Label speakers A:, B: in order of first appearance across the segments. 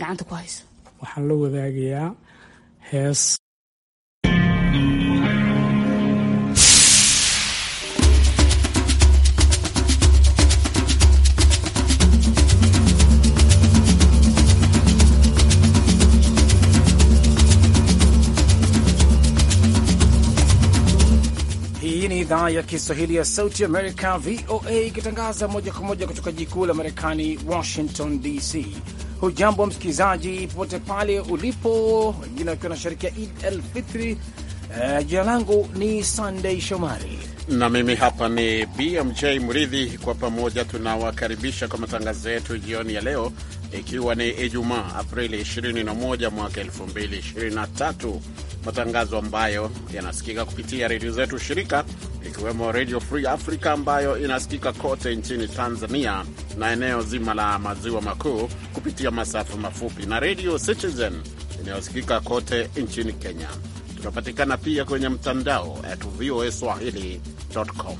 A: gacanta ku hayso
B: waxaan la wadaagayaa hees
A: ni idhaa ya Kiswahili ya Sauti Amerika, VOA, ikitangaza moja kwa moja kutoka jikuu la Marekani, Washington DC. Hujambo msikilizaji, popote pale ulipo, wengine wakiwa ya Id el Fitri. Uh, eh, jina langu ni Sandei Shomari
C: na mimi hapa ni BMJ Mridhi. Kwa pamoja tunawakaribisha kwa matangazo yetu jioni ya leo, ikiwa ni Ijumaa Aprili 21 mwaka 2023 matangazo ambayo yanasikika kupitia redio zetu shirika, ikiwemo Redio Free Africa ambayo inasikika kote nchini Tanzania na eneo zima la maziwa makuu kupitia masafa mafupi na Redio Citizen inayosikika kote nchini Kenya. Tunapatikana pia kwenye mtandao at swahili.com.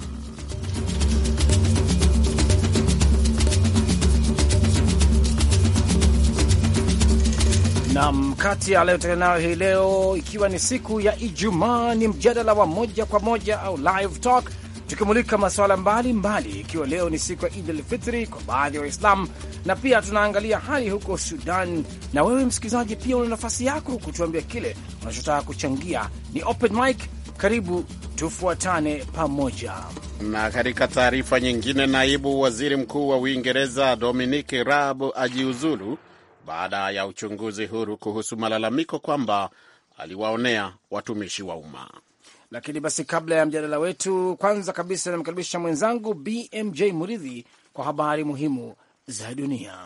A: Nam kati ya leo hii leo, ikiwa ni siku ya Ijumaa, ni mjadala wa moja kwa moja au live talk, tukimulika masuala mbalimbali, ikiwa leo ni siku ya Idi al-Fitri kwa baadhi ya wa Waislamu, na pia tunaangalia hali huko Sudan. Na wewe msikilizaji, pia una nafasi yako kutuambia kile unachotaka kuchangia. Ni open mic, karibu tufuatane pamoja.
C: Na katika taarifa nyingine, naibu waziri mkuu wa Uingereza Dominic Raab ajiuzulu baada ya uchunguzi huru kuhusu malalamiko kwamba aliwaonea watumishi wa umma.
A: Lakini basi, kabla ya mjadala wetu, kwanza kabisa namkaribisha mwenzangu BMJ Muridhi kwa habari muhimu za dunia.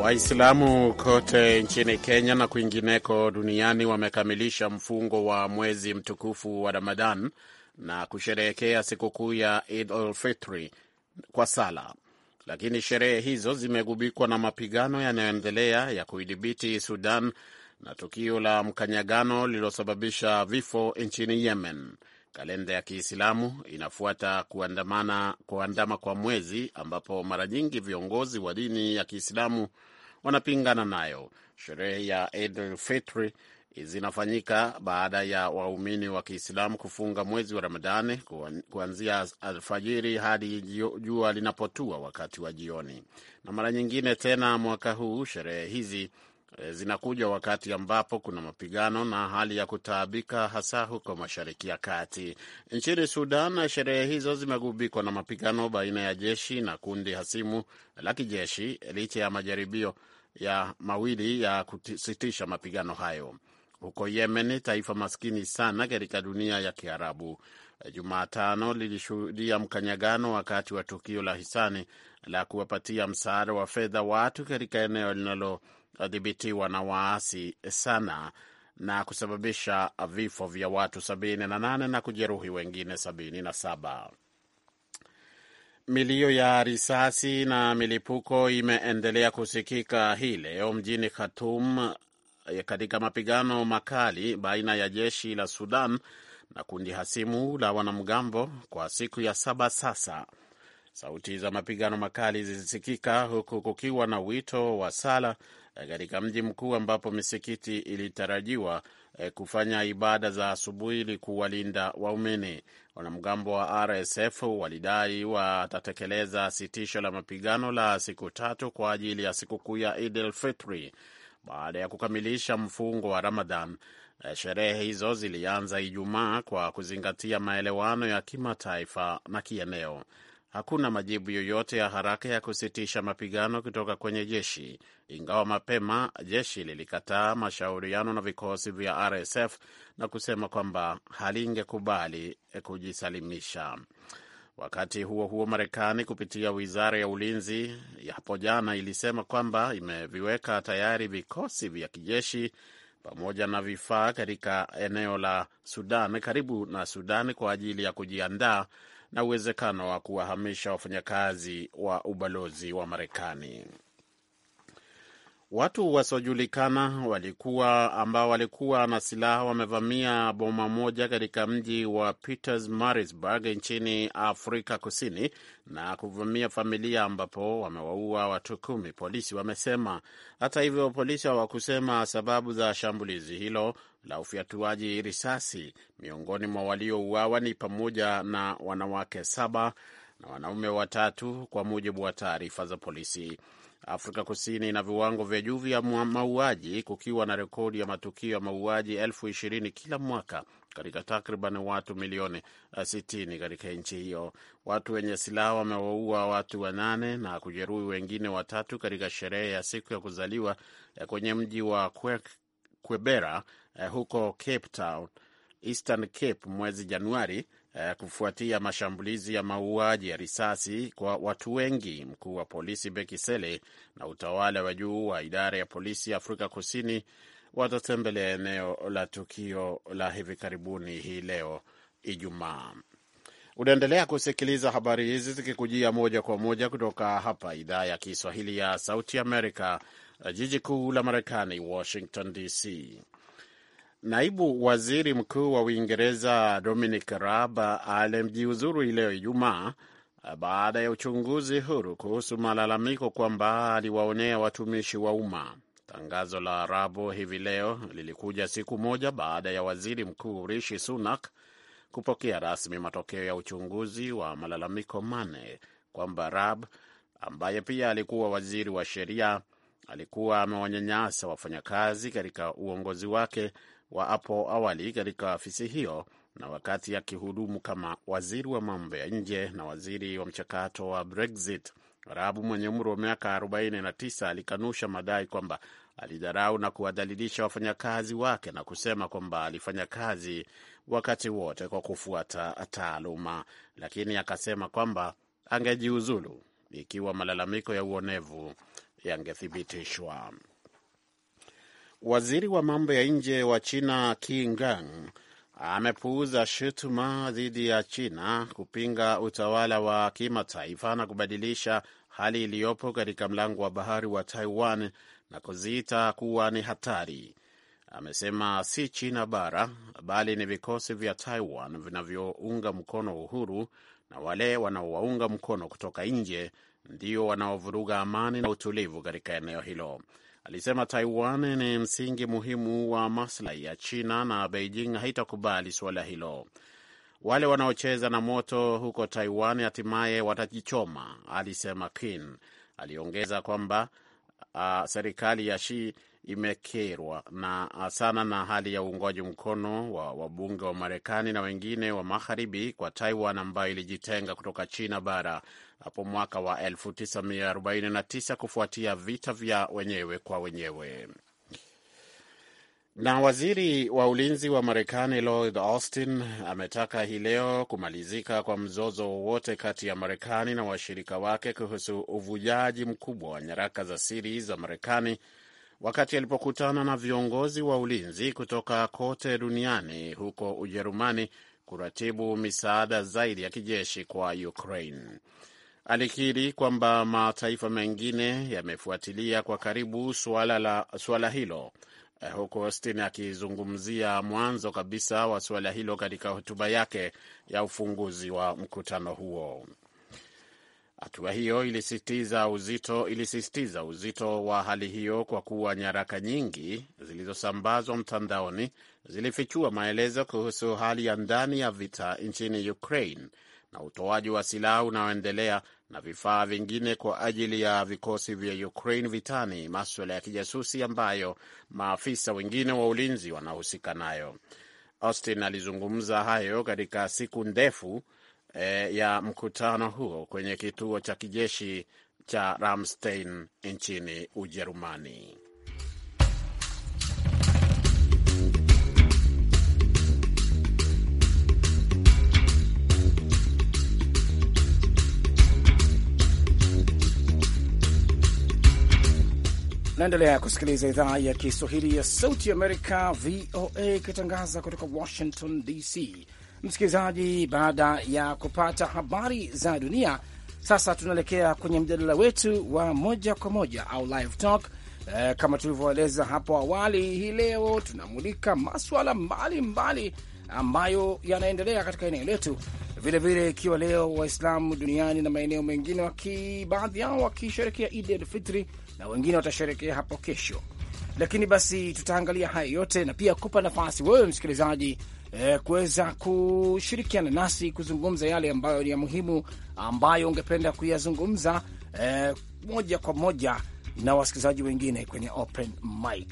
C: Waislamu kote nchini Kenya na kwingineko duniani wamekamilisha mfungo wa mwezi mtukufu wa Ramadan na kusherehekea sikukuu ya Eid al Fitri kwa sala, lakini sherehe hizo zimegubikwa na mapigano yanayoendelea ya kuidhibiti Sudan na tukio la mkanyagano lililosababisha vifo nchini Yemen. Kalenda ya Kiislamu inafuata kuandamana kuandama kwa mwezi, ambapo mara nyingi viongozi wa dini ya Kiislamu wanapingana nayo. Sherehe ya Fitri zinafanyika baada ya waumini wa Kiislamu kufunga mwezi wa Ramadani kuanzia alfajiri hadi jua linapotua wakati wa jioni, na mara nyingine tena mwaka huu sherehe hizi E, zinakuja wakati ambapo kuna mapigano na hali ya kutaabika, hasa huko Mashariki ya Kati. Nchini Sudan, sherehe hizo zimegubikwa na mapigano baina ya jeshi na kundi hasimu la kijeshi, licha ya majaribio ya mawili ya kusitisha mapigano hayo. Huko Yemen, taifa maskini sana katika dunia ya Kiarabu, Jumatano lilishuhudia mkanyagano wakati wa tukio la hisani la kuwapatia msaada wa fedha watu katika eneo linalo kudhibitiwa na waasi sana na kusababisha vifo vya watu 78 na, na kujeruhi wengine 77. Milio ya risasi na milipuko imeendelea kusikika hii leo mjini Khartoum eh, katika mapigano makali baina ya jeshi la Sudan na kundi hasimu la wanamgambo kwa siku ya saba sasa. Sauti za mapigano makali zilisikika huku kukiwa na wito wa sala eh, katika mji mkuu ambapo misikiti ilitarajiwa eh, kufanya ibada za asubuhi ili kuwalinda waumini. Wanamgambo wa RSF walidai watatekeleza sitisho la mapigano la siku tatu kwa ajili ya sikukuu ya Eid el-Fitri baada ya kukamilisha mfungo wa Ramadhan. Eh, sherehe hizo zilianza Ijumaa kwa kuzingatia maelewano ya kimataifa na kieneo hakuna majibu yoyote ya haraka ya kusitisha mapigano kutoka kwenye jeshi, ingawa mapema jeshi lilikataa mashauriano na vikosi vya RSF na kusema kwamba halingekubali eh, kujisalimisha. Wakati huo huo, Marekani kupitia wizara ya ulinzi hapo jana ilisema kwamba imeviweka tayari vikosi vya kijeshi pamoja na vifaa katika eneo la Sudan karibu na Sudan kwa ajili ya kujiandaa na uwezekano wa kuwahamisha wafanyakazi wa ubalozi wa Marekani. Watu wasiojulikana walikuwa ambao walikuwa na silaha wamevamia boma moja katika mji wa Pietermaritzburg nchini Afrika Kusini na kuvamia familia ambapo wamewaua watu kumi, polisi wamesema. Hata hivyo, polisi hawakusema sababu za shambulizi hilo la ufyatuaji risasi. Miongoni mwa waliouawa ni pamoja na wanawake saba na wanaume watatu, kwa mujibu wa taarifa za polisi. Afrika Kusini ina viwango vya juu vya mauaji kukiwa na rekodi ya matukio ya mauaji elfu ishirini kila mwaka katika takriban watu milioni 60 eh, katika nchi hiyo. Watu wenye silaha wamewaua watu wanane na kujeruhi wengine watatu katika sherehe ya siku ya kuzaliwa eh, kwenye mji wa Kwebera eh, huko Cape Town, Eastern Cape mwezi Januari eh, kufuatia mashambulizi ya mauaji ya risasi kwa watu wengi. Mkuu wa polisi Bekisele na utawala wa juu wa idara ya polisi Afrika Kusini watatembelea eneo la tukio la hivi karibuni hii leo Ijumaa. Unaendelea kusikiliza habari hizi zikikujia moja kwa moja kutoka hapa idhaa ya Kiswahili ya Sauti Amerika, jiji kuu la Marekani, Washington DC. Naibu waziri mkuu wa Uingereza Dominic Raab alimjiuzuru leo Ijumaa baada ya uchunguzi huru kuhusu malalamiko kwamba aliwaonea watumishi wa umma. Tangazo la rabu hivi leo lilikuja siku moja baada ya waziri mkuu Rishi Sunak kupokea rasmi matokeo ya uchunguzi wa malalamiko manne kwamba rab ambaye pia alikuwa waziri wa sheria alikuwa amewanyanyasa wafanyakazi katika uongozi wake wa hapo awali katika afisi hiyo na wakati akihudumu kama waziri wa mambo ya nje na waziri wa mchakato wa Brexit. Rabu mwenye umri wa miaka 49 alikanusha madai kwamba alidharau na kuwadhalilisha wafanyakazi wake na kusema kwamba alifanya kazi wakati wote kwa kufuata taaluma, lakini akasema kwamba angejiuzulu ikiwa malalamiko ya uonevu yangethibitishwa. Waziri wa mambo ya nje wa China kingang amepuuza shutuma dhidi ya China kupinga utawala wa kimataifa na kubadilisha hali iliyopo katika mlango wa bahari wa Taiwan na kuziita kuwa ni hatari. Amesema si China bara bali ni vikosi vya Taiwan vinavyounga mkono uhuru na wale wanaowaunga mkono kutoka nje ndio wanaovuruga amani na utulivu katika eneo hilo. Alisema Taiwan ni msingi muhimu wa maslahi ya China na Beijing haitakubali suala hilo. Wale wanaocheza na moto huko Taiwan hatimaye watajichoma, alisema Kin. Aliongeza kwamba uh, serikali ya Xi imekerwa na ah, sana na hali ya uungwaji mkono wa wabunge wa Marekani na wengine wa magharibi kwa Taiwan ambayo ilijitenga kutoka China bara hapo mwaka wa 1949 kufuatia vita vya wenyewe kwa wenyewe. Na waziri wa ulinzi wa Marekani Lloyd Austin ametaka hii leo kumalizika kwa mzozo wowote kati ya Marekani na washirika wake kuhusu uvujaji mkubwa wa nyaraka za siri za Marekani wakati alipokutana na viongozi wa ulinzi kutoka kote duniani huko Ujerumani kuratibu misaada zaidi ya kijeshi kwa Ukraine. Alikiri kwamba mataifa mengine yamefuatilia kwa karibu suala, la, suala hilo eh, huku Austin akizungumzia mwanzo kabisa wa suala hilo katika hotuba yake ya ufunguzi wa mkutano huo. Hatua hiyo ilisisitiza uzito, ilisisitiza uzito wa hali hiyo kwa kuwa nyaraka nyingi zilizosambazwa mtandaoni zilifichua maelezo kuhusu hali ya ndani ya vita nchini Ukraine na utoaji wa silaha unaoendelea na vifaa vingine kwa ajili ya vikosi vya Ukraine vitani, maswala ya kijasusi ambayo maafisa wengine wa ulinzi wanahusika nayo. Austin alizungumza hayo katika siku ndefu eh, ya mkutano huo kwenye kituo cha kijeshi cha Ramstein nchini Ujerumani.
A: Naendelea kusikiliza idhaa ya Kiswahili ya Sauti Amerika, VOA, ikitangaza kutoka Washington DC. Msikilizaji, baada ya kupata habari za dunia, sasa tunaelekea kwenye mjadala wetu wa moja kwa moja au live talk. Eh, kama tulivyoeleza hapo awali, hii leo tunamulika maswala mbalimbali ambayo yanaendelea katika eneo letu, vilevile ikiwa leo Waislamu duniani na maeneo mengine waki, baadhi yao wakisherekea Idi el Fitri na wengine watasherekea hapo kesho. Lakini basi tutaangalia haya yote na pia kupa nafasi wewe msikilizaji eh, kuweza kushirikiana nasi kuzungumza yale ambayo ni ya muhimu ambayo ungependa kuyazungumza eh, moja kwa moja na wasikilizaji wengine kwenye open mic.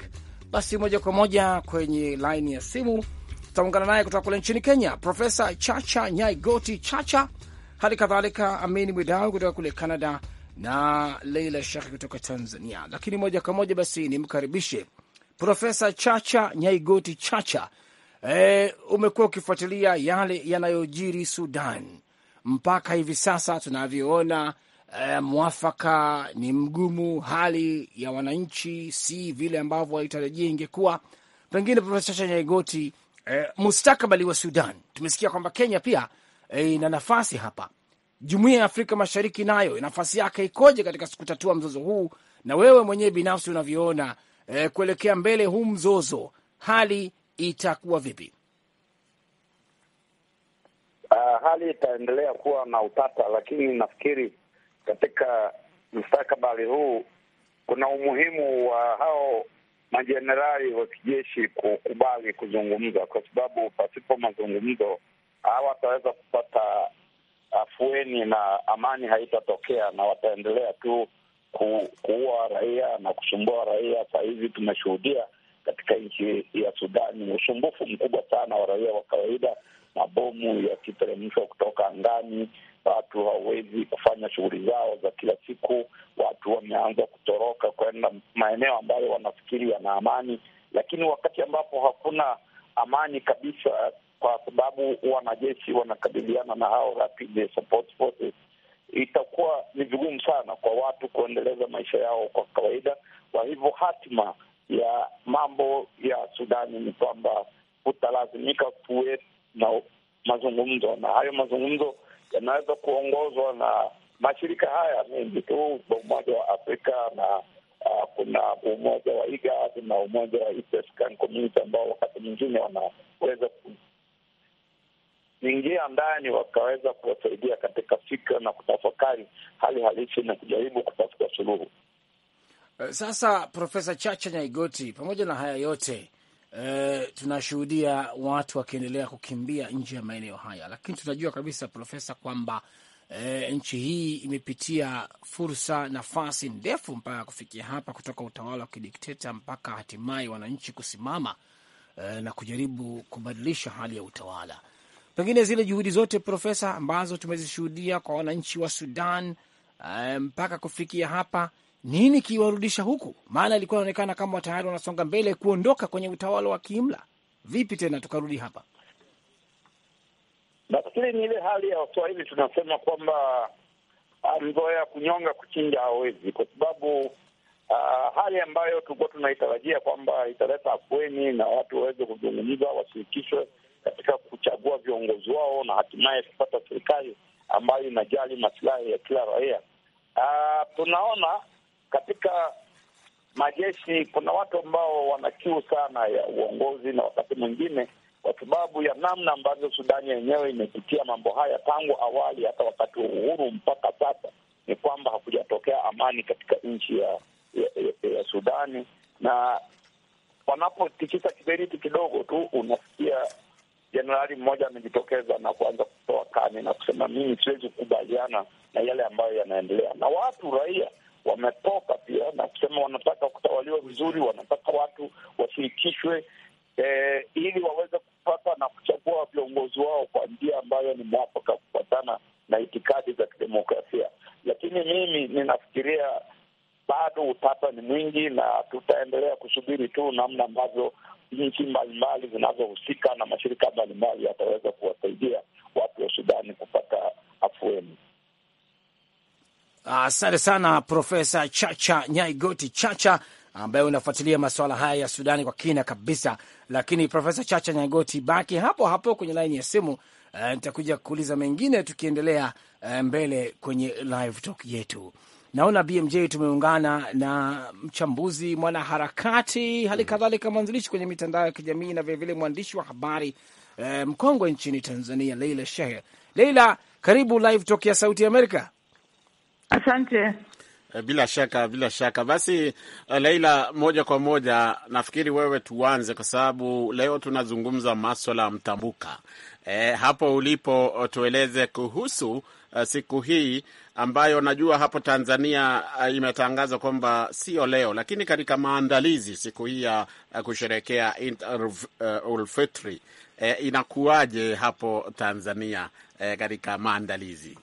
A: Basi moja kwa moja kwenye laini ya simu tutaungana naye kutoka kule nchini Kenya, Profesa Chacha Nyaigoti Chacha, hali kadhalika Amini Mwidau kutoka kule Canada na Leila Shekh kutoka Tanzania. Lakini moja kwa moja basi nimkaribishe Profesa Chacha Nyaigoti Chacha E, umekuwa ukifuatilia yale yanayojiri Sudan mpaka hivi sasa tunavyoona. E, mwafaka ni mgumu, hali ya wananchi si vile ambavyo walitarajia ingekuwa. Pengine Profesa Chacha Nyaigoti, e, mustakabali wa Sudan, tumesikia kwamba Kenya pia ina e, nafasi hapa. Jumuiya ya Afrika Mashariki nayo nafasi yake ikoje katika kutatua mzozo huu, na wewe mwenyewe binafsi unavyoona e, kuelekea mbele huu mzozo, hali itakuwa vipi?
D: Uh, hali itaendelea kuwa na utata, lakini nafikiri katika mustakabali huu kuna umuhimu wa hao majenerali wa kijeshi kukubali kuzungumza, kwa sababu pasipo mazungumzo hawataweza kupata afueni na amani haitatokea, na wataendelea tu ku, kuua raia na kusumbua raia. Saa hizi tumeshuhudia katika nchi ya Sudani, usumbufu mkubwa sana wa raia wa kawaida, mabomu yakiteremshwa kutoka angani, watu hawawezi kufanya shughuli zao za kila siku, watu wameanza kutoroka kwenda maeneo ambayo wanafikiri yana amani, lakini wakati ambapo hakuna amani kabisa, kwa sababu wanajeshi wanakabiliana na hao Rapid Support Forces, itakuwa ni vigumu sana kwa watu kuendeleza maisha yao kwa kawaida. Kwa hivyo hatima ya mambo ya Sudani ni kwamba kutalazimika kuwe na mazungumzo, na hayo mazungumzo yanaweza kuongozwa na mashirika haya mengi tu, Umoja wa Afrika na uh, kuna umoja wa IGAD na umoja wa East African Community ambao wakati mwingine wanaweza kuingia ndani wakaweza kuwasaidia katika fikra na kutafakari hali halisi na kujaribu kutafuta suluhu.
A: Eh, sasa Profesa Chacha Nyaigoti, pamoja na haya yote e, tunashuhudia watu wakiendelea kukimbia nje ya maeneo haya, lakini tunajua kabisa Profesa kwamba e, nchi hii imepitia fursa, nafasi ndefu mpaka kufikia hapa, kutoka utawala wa kidikteta mpaka hatimaye wananchi kusimama e, na kujaribu kubadilisha hali ya utawala. Pengine zile juhudi zote Profesa ambazo tumezishuhudia kwa wananchi wa Sudan e, mpaka kufikia hapa nini kiwarudisha huku? Maana ilikuwa inaonekana kama tayari wanasonga mbele kuondoka kwenye utawala wa kiimla. Vipi tena tukarudi hapa?
D: Nafikiri ni ile hali ya Waswahili tunasema kwamba ah, mzoea kunyonga kuchinja hawezi, kwa sababu uh, hali ambayo tulikuwa tunaitarajia kwamba italeta afueni na watu waweze kuzungumza, washirikishwe katika kuchagua viongozi wao na hatimaye kupata serikali ambayo inajali masilahi ya kila raia. Uh, tunaona katika majeshi kuna watu ambao wana kiu sana ya uongozi na wakati mwingine kwa sababu ya namna ambavyo Sudani yenyewe imepitia mambo haya tangu awali, hata wakati wa uhuru mpaka sasa, ni kwamba hakujatokea amani katika nchi ya, ya, ya, ya Sudani, na wanapotikisa kiberiti kidogo tu unasikia jenerali mmoja amejitokeza na kuanza kutoa kani na kusema, mimi siwezi kukubaliana na yale ambayo yanaendelea, na watu raia wametoka pia na kusema wanataka kutawaliwa vizuri, wanataka watu washirikishwe eh, ili waweze kupata na kuchagua viongozi wao kwa njia ambayo ni mwafaka kufuatana na itikadi za kidemokrasia. Lakini mimi ninafikiria bado utata ni mwingi, na tutaendelea kusubiri tu namna ambavyo nchi mbalimbali zinazohusika na mashirika mbalimbali yataweza kuwasaidia watu wa Sudani kupata afueni.
A: Asante uh, sana Profesa Chacha Nyaigoti Chacha ambaye unafuatilia masuala haya ya Sudani kwa kina kabisa. Lakini Profesa Chacha Nyaigoti, baki hapo hapo kwenye laini ya simu uh, nitakuja kuuliza mengine tukiendelea uh, mbele kwenye live talk yetu. Naona BMJ tumeungana na mchambuzi, mwanaharakati, hali kadhalika mwanzilishi kwenye mitandao ya kijamii na vilevile mwandishi wa habari uh, mkongwe nchini Tanzania, Leila Shehe. Leila, karibu live talk ya Sauti Amerika. Asante.
C: Eh, bila shaka, bila shaka. Basi eh, Leila, moja kwa moja nafikiri wewe tuanze, kwa sababu leo tunazungumza maswala ya mtambuka. E, hapo ulipo tueleze kuhusu uh, siku hii ambayo najua hapo Tanzania uh, imetangaza kwamba sio leo, lakini katika maandalizi siku hii ya uh, kusherekea Ulfitri uh, e, inakuwaje hapo Tanzania uh, katika maandalizi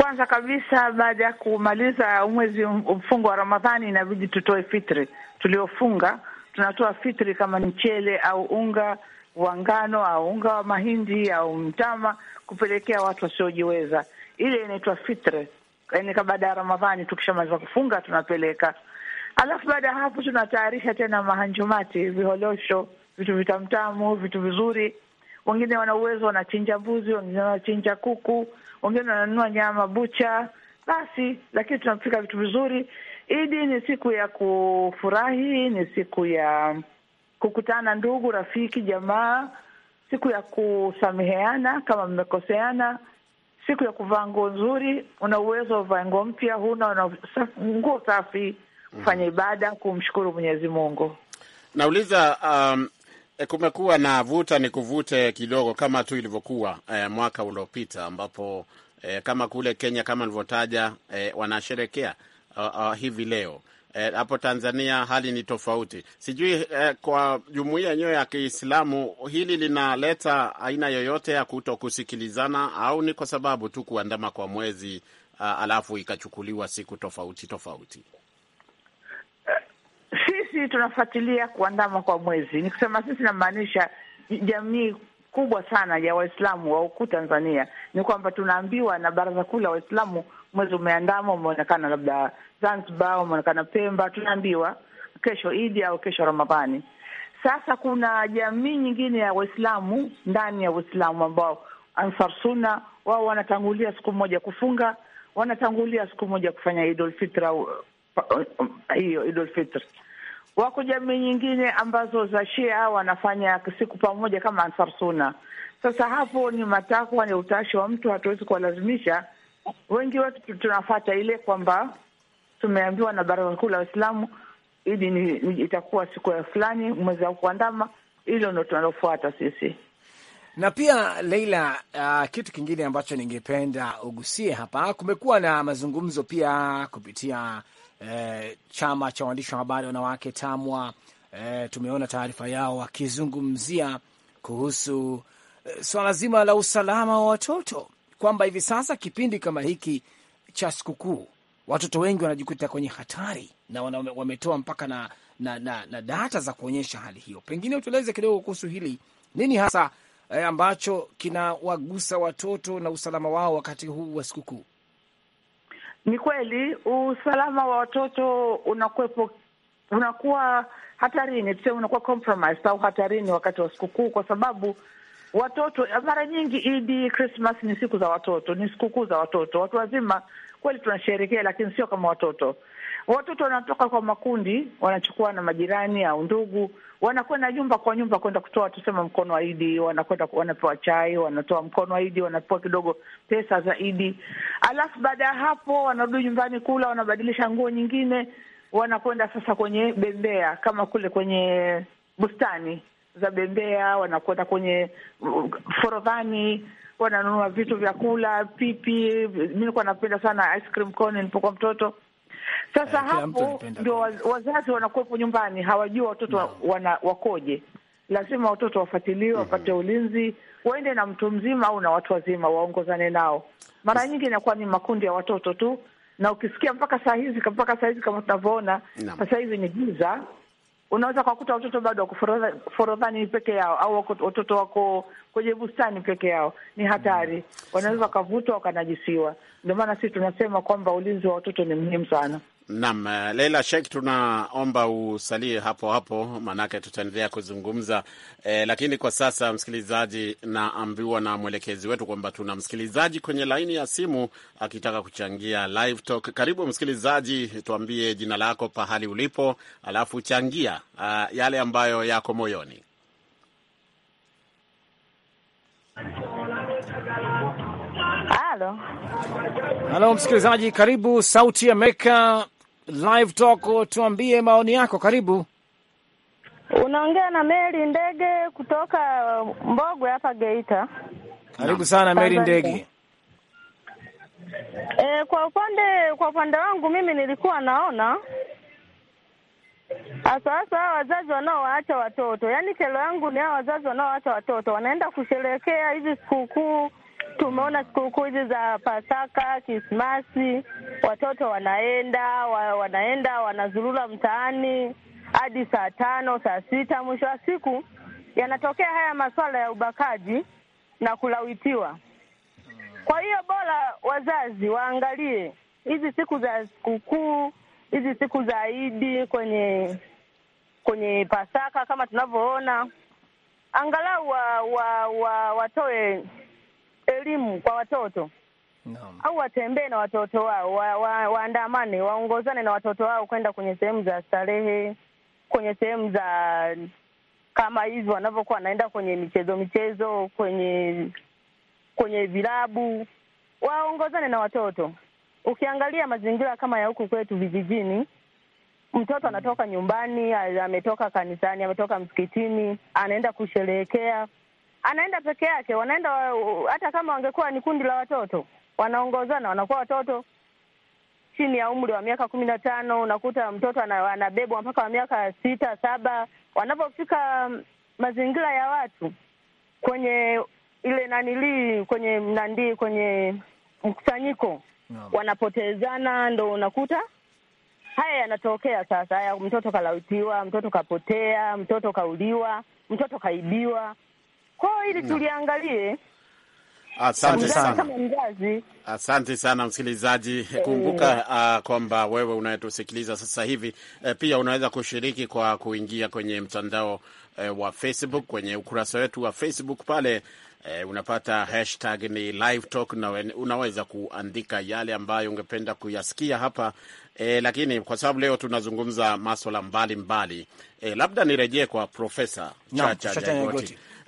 E: kwanza kabisa, baada ya kumaliza mwezi mfungo wa Ramadhani, inabidi tutoe fitri tuliofunga. Tunatoa fitri kama mchele au unga wa ngano au unga wa mahindi au mtama, kupelekea watu wasiojiweza. Ile inaitwa fitri, yaani baada ya Ramadhani tukishamaliza kufunga tunapeleka. Alafu baada ya hapo tunatayarisha tena mahanjumati, viholosho, vitu vitamtamu, vitu vizuri. Wengine wana uwezo wanachinja mbuzi, wengine wanachinja kuku wengine wananunua nyama bucha, basi, lakini tunapika vitu vizuri. Idi ni siku ya kufurahi, ni siku ya kukutana ndugu, rafiki, jamaa, siku ya kusameheana kama mmekoseana, siku ya kuvaa nguo nzuri. Una uwezo wa kuvaa nguo mpya, huna nguo safi, kufanya mhm. ibada, kumshukuru Mwenyezi Mungu.
C: Nauliza um, Eh, kumekuwa na vuta ni kuvute kidogo kama tu ilivyokuwa e, mwaka uliopita ambapo e, kama kule Kenya kama nilivyotaja e, wanasherekea uh, uh, hivi leo hapo e, Tanzania hali ni tofauti. Sijui e, kwa jumuiya yenyewe ya Kiislamu hili linaleta aina yoyote ya kutokusikilizana au ni kwa sababu tu kuandama kwa mwezi uh, alafu ikachukuliwa siku tofauti tofauti
E: sisi tunafuatilia kuandama kwa mwezi. kusema sisi namaanisha jamii kubwa sana ya Waislamu wa huku Tanzania. Ni kwamba tunaambiwa na Baraza Kuu la Waislamu mwezi umeandama, umeonekana labda Zanzibar, umeonekana Pemba, tunaambiwa kesho Idi au kesho Ramadhani. Sasa kuna jamii nyingine ya Waislamu ndani ya Uislamu ambao Ansar Sunna wao wanatangulia siku moja kufunga, wanatangulia siku moja kufanya Idul uh, uh, hiyo Idul Wako jamii nyingine ambazo za Shia wanafanya siku pamoja kama Ansar Sunna. Sasa hapo ni matakwa, ni utashi wa mtu, hatuwezi kuwalazimisha. Wengi wetu tunafata ile kwamba tumeambiwa na Baraza Kuu la Waislamu Idi ni, ni itakuwa siku ya fulani mwezi wa kuandama. Hilo ndo tunalofuata sisi.
A: Na pia Leila, uh, kitu kingine ambacho ningependa ugusie hapa, kumekuwa na mazungumzo pia kupitia e, chama cha waandishi wa habari wanawake TAMWA e, tumeona taarifa yao wakizungumzia kuhusu e, swala zima la usalama wa watoto kwamba hivi sasa kipindi kama hiki cha sikukuu watoto wengi wanajikuta kwenye hatari na wametoa mpaka na, na, na, na data za kuonyesha hali hiyo. Pengine utueleze kidogo kuhusu hili, nini hasa eh, ambacho kinawagusa watoto na usalama wao wakati huu wa sikukuu?
E: Ni kweli usalama wa watoto unakuwepo, unakuwa hatarini, tuseme unakuwa compromise au hatarini wakati wa sikukuu, kwa sababu watoto mara nyingi, Idi, Christmas ni siku za watoto, ni sikukuu za watoto. Watu wazima kweli tunasherehekea, lakini sio kama watoto. Watoto wanatoka kwa makundi, wanachukua na majirani au ndugu, wanakwenda nyumba kwa nyumba kwenda kutoa tuseme mkono wa Idi, wanakwenda wanapewa chai, wanatoa mkono wa Idi, wanapewa kidogo pesa za Idi, alafu baada ya hapo wanarudi nyumbani kula, wanabadilisha nguo nyingine, wanakwenda sasa kwenye bembea, kama kule kwenye bustani za bembea, wanakwenda kwenye uh, forodhani wananunua vitu vya kula, pipi. Mi nilikuwa napenda sana ice cream cone nilipokuwa mtoto sasa uh, hapo ndio wazazi wanakuwepo nyumbani, hawajua watoto no. wana, wakoje. Lazima watoto wafuatiliwe, mhm. wapate mm -hmm. ulinzi, waende na mtu mzima au na watu wazima, waongozane nao. Mara nyingi inakuwa ni makundi ya watoto tu, na ukisikia mpaka saa hizi, mpaka saa hizi kama tunavyoona sasa hivi ni giza unaweza kuwakuta watoto bado wako forodhani peke yao, au watoto wako kwenye bustani peke yao. Ni hatari, mm. wanaweza wakavutwa wakanajisiwa. Ndio maana sisi tunasema kwamba ulinzi wa watoto ni muhimu sana.
C: Naam, eh, Leila Sheikh, tunaomba usalie hapo hapo, maanake tutaendelea kuzungumza e, lakini kwa sasa msikilizaji, naambiwa na mwelekezi wetu kwamba tuna msikilizaji kwenye laini ya simu akitaka kuchangia live talk. Karibu msikilizaji, tuambie jina lako, pahali ulipo, alafu changia a, eh, yale ambayo yako moyoni.
F: Halo,
A: halo msikilizaji, karibu Sauti ya Amerika live talk, tuambie maoni yako, karibu.
F: Unaongea na meli Ndege kutoka Mbogwe hapa Geita.
A: Karibu sana meli Ndege.
F: E, kwa upande kwa upande wangu mimi nilikuwa naona hasa hasa hawa wazazi wanaowaacha watoto, yaani kero yangu ni hawa wazazi wanaowaacha watoto wanaenda kusherehekea hizi sikukuu tumeona sikukuu hizi za Pasaka, Krismasi, watoto wanaenda wa, wanaenda wanazurura mtaani hadi saa tano saa sita. Mwisho wa siku yanatokea haya masuala ya ubakaji na kulawitiwa. Kwa hiyo bora wazazi waangalie hizi siku za sikukuu, hizi siku za Idi, kwenye kwenye Pasaka kama tunavyoona, angalau wa, wa, wa, watoe elimu kwa watoto no. au watembee na watoto wao waandamane, wa, wa waongozane na watoto wao kwenda kwenye sehemu za starehe, kwenye sehemu za kama hizo wanavyokuwa wanaenda kwenye michezo michezo, kwenye kwenye vilabu, waongozane na watoto. Ukiangalia mazingira kama ya huku kwetu vijijini, mtoto anatoka nyumbani, ametoka kanisani, ametoka msikitini, anaenda kusherehekea anaenda peke yake, wanaenda hata kama wangekuwa ni kundi la watoto, wanaongozana, wanakuwa watoto chini ya umri wa miaka kumi na tano. Unakuta mtoto anabebwa mpaka wa miaka sita saba, wanapofika mazingira ya watu kwenye ile nanilii kwenye nandii kwenye mkusanyiko no. Wanapotezana, ndo unakuta haya yanatokea. Sasa haya, mtoto kalautiwa mtoto kapotea, mtoto kauliwa, mtoto kaibiwa kwao ili tuliangalie.
C: Asante sana, asante sana msikilizaji. Eh. Kumbuka uh, kwamba wewe unayetusikiliza sasa hivi uh, pia unaweza kushiriki kwa kuingia kwenye mtandao uh, wa Facebook, kwenye ukurasa wetu wa Facebook pale e, unapata hashtag ni live talk, na unaweza kuandika yale ambayo ungependa kuyasikia hapa e, lakini kwa sababu leo tunazungumza maswala mbalimbali e, labda nirejee kwa Profesa Chacha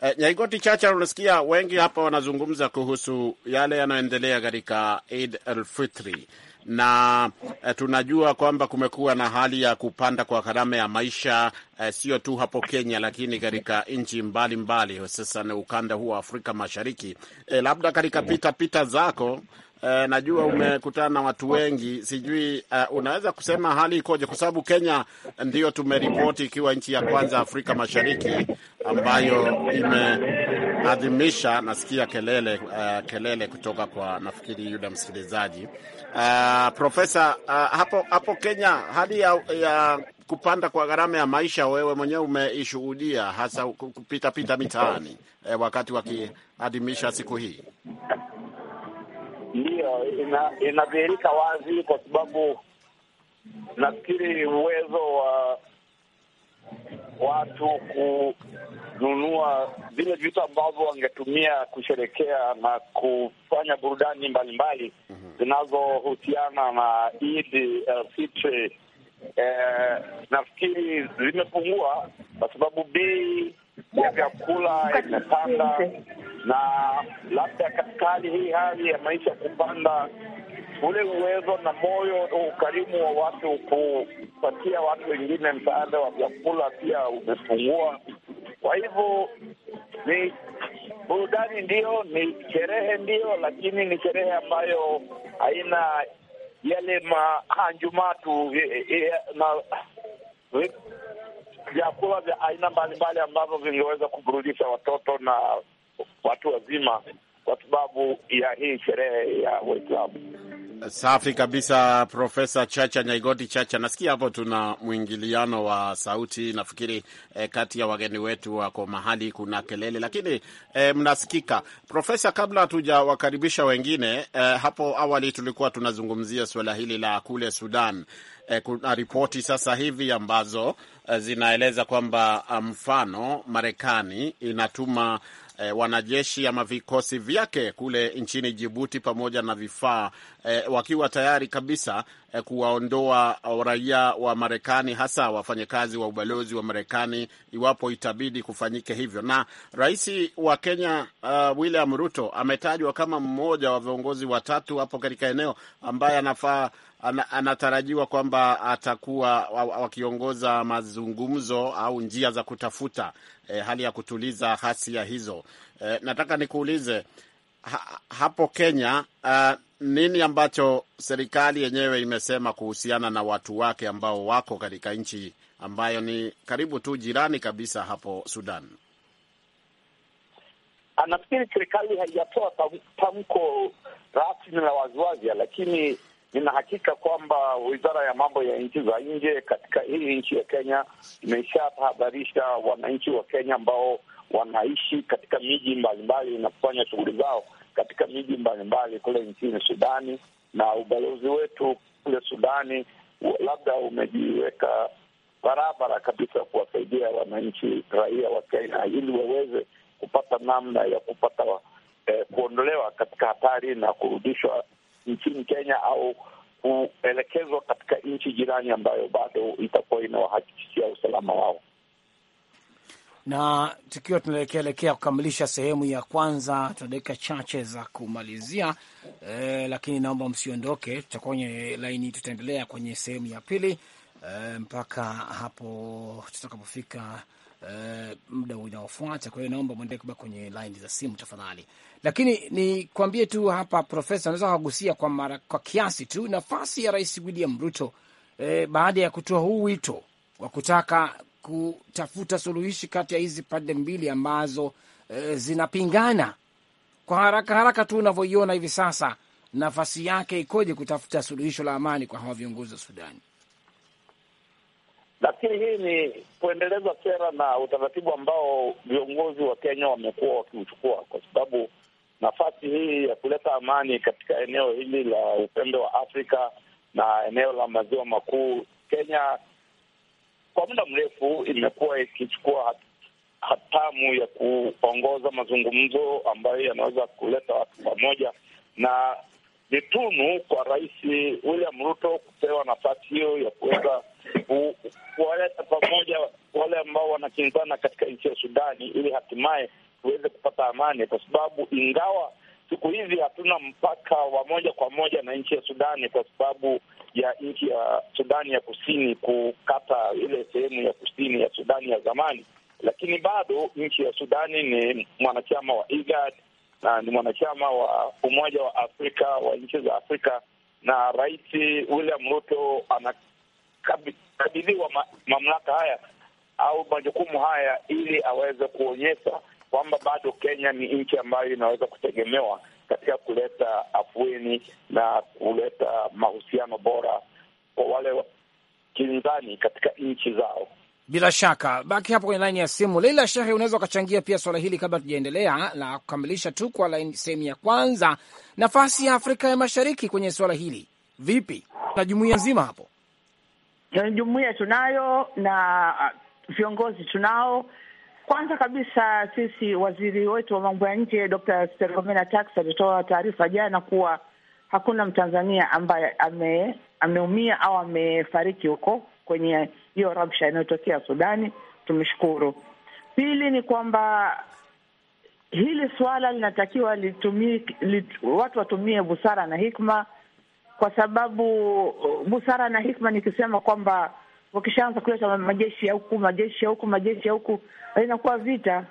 C: E, Nyaigoti Chacha, unasikia wengi hapa wanazungumza kuhusu yale yanayoendelea katika Eid al-Fitri na e, tunajua kwamba kumekuwa na hali ya kupanda kwa gharama ya maisha e, sio tu hapo Kenya, lakini katika nchi mbalimbali hususan ukanda huu wa Afrika Mashariki. E, labda katika mm. pita pita zako eh, najua umekutana na watu wengi, sijui uh, unaweza kusema hali ikoje? Kwa sababu Kenya ndiyo tumeripoti ikiwa nchi ya kwanza Afrika Mashariki ambayo imeadhimisha. Nasikia kelele uh, kelele kutoka kwa nafikiri yule msikilizaji uh, Profesa uh, hapo hapo Kenya hali ya, ya kupanda kwa gharama ya maisha wewe mwenyewe umeishuhudia hasa kupitapita mitaani eh, wakati wakiadhimisha siku hii.
D: Ndiyo, inadhihirika wazi kwa sababu nafikiri uwezo wa watu kununua vile vitu ambavyo wangetumia kusherekea na kufanya burudani mbalimbali mhm. zinazohusiana na Idi Fitri, eh, nafikiri zimepungua kwa sababu bei ya vyakula imepanda, na labda katika hali hii, hali ya maisha kupanda, ule uwezo na moyo, ukarimu wa watu kupatia watu wengine msaada wa vyakula pia umepungua. Kwa hivyo ni burudani ndiyo, ni sherehe ndiyo, lakini ni sherehe ambayo haina yale mahanjumatu na vyakula vya aina mbalimbali ambavyo vingeweza kuburudisha watoto na watu wazima, kwa sababu ya hii sherehe ya
C: Waislamu. Safi kabisa, Profesa Chacha Nyaigoti Chacha. Nasikia hapo tuna mwingiliano wa sauti, nafikiri eh, kati ya wageni wetu wako mahali kuna kelele, lakini eh, mnasikika Profesa. Kabla hatujawakaribisha wengine eh, hapo awali tulikuwa tunazungumzia suala hili la kule Sudan. Eh, kuna ripoti sasa hivi ambazo eh, zinaeleza kwamba ah, mfano Marekani inatuma e, wanajeshi ama vikosi vyake kule nchini Jibuti pamoja na vifaa e, wakiwa tayari kabisa Eh, kuwaondoa raia wa Marekani, hasa wafanyakazi wa ubalozi wa Marekani, iwapo itabidi kufanyike hivyo. Na rais wa Kenya uh, William Ruto ametajwa kama mmoja wa viongozi watatu hapo katika eneo ambaye anafaa anatarajiwa kwamba atakuwa wakiongoza mazungumzo au njia za kutafuta e, hali ya kutuliza hasia hizo. E, nataka nikuulize ha, hapo Kenya a, nini ambacho serikali yenyewe imesema kuhusiana na watu wake ambao wako katika nchi ambayo ni karibu tu jirani kabisa hapo Sudan?
D: Ah, nafikiri serikali haijatoa tamko rasmi la waziwazi, lakini nina hakika kwamba wizara ya mambo ya nchi za nje katika hii nchi ya Kenya imeshatahadharisha wananchi wa Kenya ambao wanaishi katika miji mbalimbali na kufanya shughuli zao katika miji mbalimbali kule nchini Sudani, na ubalozi wetu kule Sudani labda umejiweka barabara kabisa kuwasaidia wananchi raia wa Kenya ili waweze kupata namna ya kupata eh, kuondolewa katika hatari na kurudishwa nchini Kenya au kuelekezwa katika nchi jirani ambayo bado itakuwa inawahakikishia usalama wao
A: na tukiwa tunaelekea kukamilisha sehemu ya kwanza, tuna dakika chache za kumalizia e, lakini naomba msiondoke, tutakuwa kwenye laini, tutaendelea kwenye sehemu ya pili e, mpaka hapo tutakapofika e, muda unaofuata. Kwa hiyo naomba mwendee kubaki kwenye laini za simu tafadhali, lakini nikwambie tu hapa, Profesa, naweza kugusia kwa mara, kwa kiasi tu nafasi ya Rais William Ruto e, baada ya kutoa huu wito wa kutaka kutafuta suluhishi kati ya hizi pande mbili ambazo e, zinapingana kwa haraka haraka tu unavyoiona hivi sasa, nafasi yake ikoje kutafuta suluhisho la amani kwa hawa viongozi wa Sudani?
D: lakini hii ni kuendeleza sera na utaratibu ambao viongozi wa Kenya wamekuwa wakiuchukua, kwa sababu nafasi hii ya kuleta amani katika eneo hili la upembe wa Afrika na eneo la maziwa makuu, Kenya kwa muda mrefu imekuwa ikichukua hatamu ya kuongoza mazungumzo ambayo yanaweza kuleta watu pamoja, na ni tunu kwa Rais William Ruto kupewa nafasi hiyo ya kuweza kuwaleta pamoja wale ambao wanakinzana katika nchi ya Sudani ili hatimaye tuweze kupata amani, kwa sababu ingawa siku hizi hatuna mpaka wa moja kwa moja na nchi ya Sudani kwa sababu ya nchi ya Sudani ya Kusini kukata ile sehemu ya kusini ya Sudani ya zamani, lakini bado nchi ya Sudani ni mwanachama wa IGAD na ni mwanachama wa Umoja wa Afrika wa nchi za Afrika, na Rais William Ruto anakabidhiwa ma mamlaka haya au majukumu haya ili aweze kuonyesha kwamba bado Kenya ni nchi ambayo inaweza kutegemewa katika kuleta afueni na kuleta mahusiano bora kwa wale kinzani katika nchi zao.
A: Bila shaka baki hapo kwenye laini ya simu. Leila Shehe, unaweza ukachangia pia swala hili kabla tujaendelea na kukamilisha tu kwa laini sehemu ya kwanza. Nafasi ya Afrika ya Mashariki kwenye swala hili vipi, na jumuia nzima hapo? jumuia
E: tunayo na uh, viongozi tunao kwanza kabisa sisi waziri wetu wa mambo ya nje Dr. Stergomena Tax alitoa taarifa jana kuwa hakuna Mtanzania ambaye ame, ameumia au amefariki huko kwenye hiyo rabsha inayotokea Sudani. Tumeshukuru. Pili ni kwamba hili suala linatakiwa litumie, lit, watu watumie busara na hikma, kwa sababu busara na hikma nikisema kwamba wakishaanza kuleta majeshi ya huku majeshi ya huku majeshi ya huku, inakuwa vita.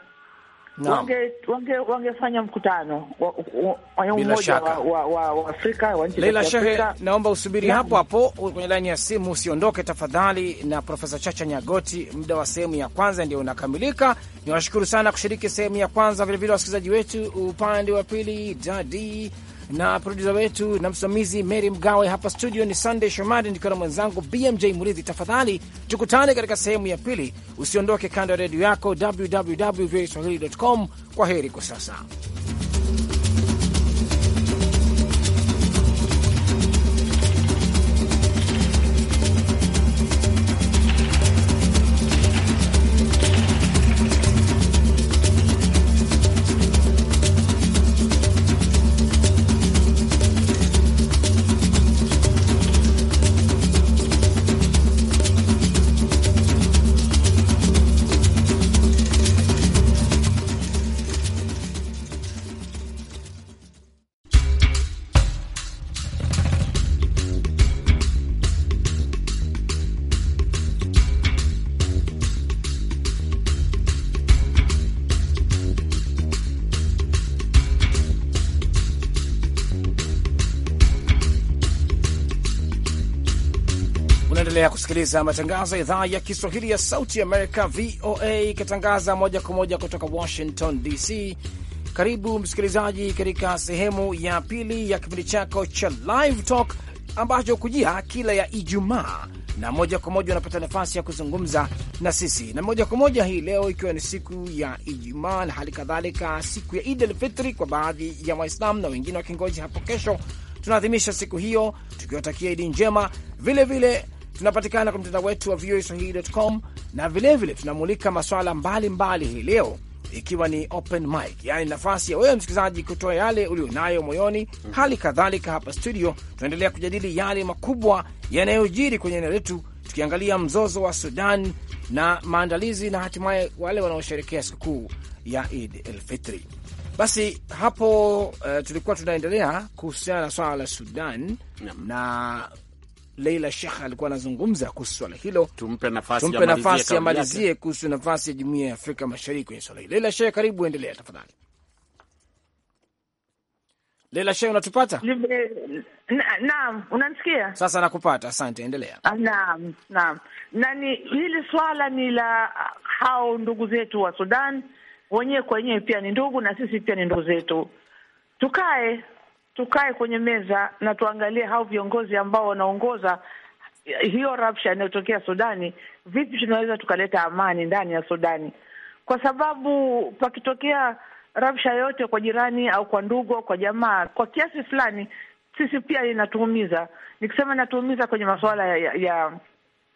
E: Wange, wange, wangefanya mkutano wa umoja wa,
A: wa, wa Afrika wa nchi Leila Shehe, naomba usubiri hapo hapo kwenye laini ya simu, usiondoke tafadhali. Na Profesa Chacha Nyagoti, muda wa sehemu ya kwanza ndio unakamilika. Niwashukuru sana kushiriki sehemu ya kwanza, vilevile wasikilizaji wetu upande wa pili dadi na produsa wetu na msimamizi Mary Mgawe. Hapa studio ni Sunday Shomari nikiwa na mwenzangu BMJ Murithi. Tafadhali tukutane katika sehemu ya pili, usiondoke kando ya redio yako. www voaswahili.com. Kwa heri kwa sasa. unasikiliza matangazo ya idhaa ya Kiswahili ya Sauti Amerika, VOA, ikitangaza moja kwa moja kutoka Washington DC. Karibu msikilizaji, katika sehemu ya pili ya kipindi chako cha Live Talk ambacho kujia kila ya Ijumaa na moja kwa moja unapata nafasi ya kuzungumza na sisi na moja kwa moja hii leo, ikiwa ni siku ya Ijumaa na hali kadhalika siku ya Idi Alfitri kwa baadhi ya waislam na wengine wakingoji hapo kesho. Tunaadhimisha siku hiyo tukiwatakia Idi njema vilevile vile, tunapatikana kwenye mtandao wetu wa swahili.com na vilevile vile tunamulika maswala mbalimbali hii leo ikiwa ni open mic, yaani nafasi ya wewe msikilizaji kutoa yale ulionayo moyoni. Hali kadhalika hapa studio tunaendelea kujadili yale makubwa yanayojiri kwenye eneo letu, tukiangalia mzozo wa Sudan na maandalizi na hatimaye wale wanaosherekea sikukuu ya Id el Fitri. Basi hapo uh, tulikuwa tunaendelea kuhusiana na swala la Sudan na Leila Shekh alikuwa anazungumza kuhusu swala hilo. Tumpe
C: nafasi, tumpe nafasi amalizie
A: kuhusu nafasi ya jumuiya ya Afrika Mashariki kwenye swala hili. Leila Shekh, karibu, endelea tafadhali. Leila Sheikh, unatupata? Naam, unanisikia sasa? Nakupata, asante, endelea. Ah, naam, naam. Na
E: ni hili swala ni la hao ndugu zetu wa Sudan wenyewe kwa wenyewe, pia ni ndugu na sisi pia ni ndugu zetu, tukae tukae kwenye meza na tuangalie hao viongozi ambao wanaongoza hiyo rapsha inayotokea Sudani, vipi tunaweza tukaleta amani ndani ya Sudani, kwa sababu pakitokea rapsha yote kwa jirani au kwa ndugu au kwa jamaa, kwa kiasi fulani sisi pia inatuumiza. Nikisema inatuumiza kwenye masuala ya ya ya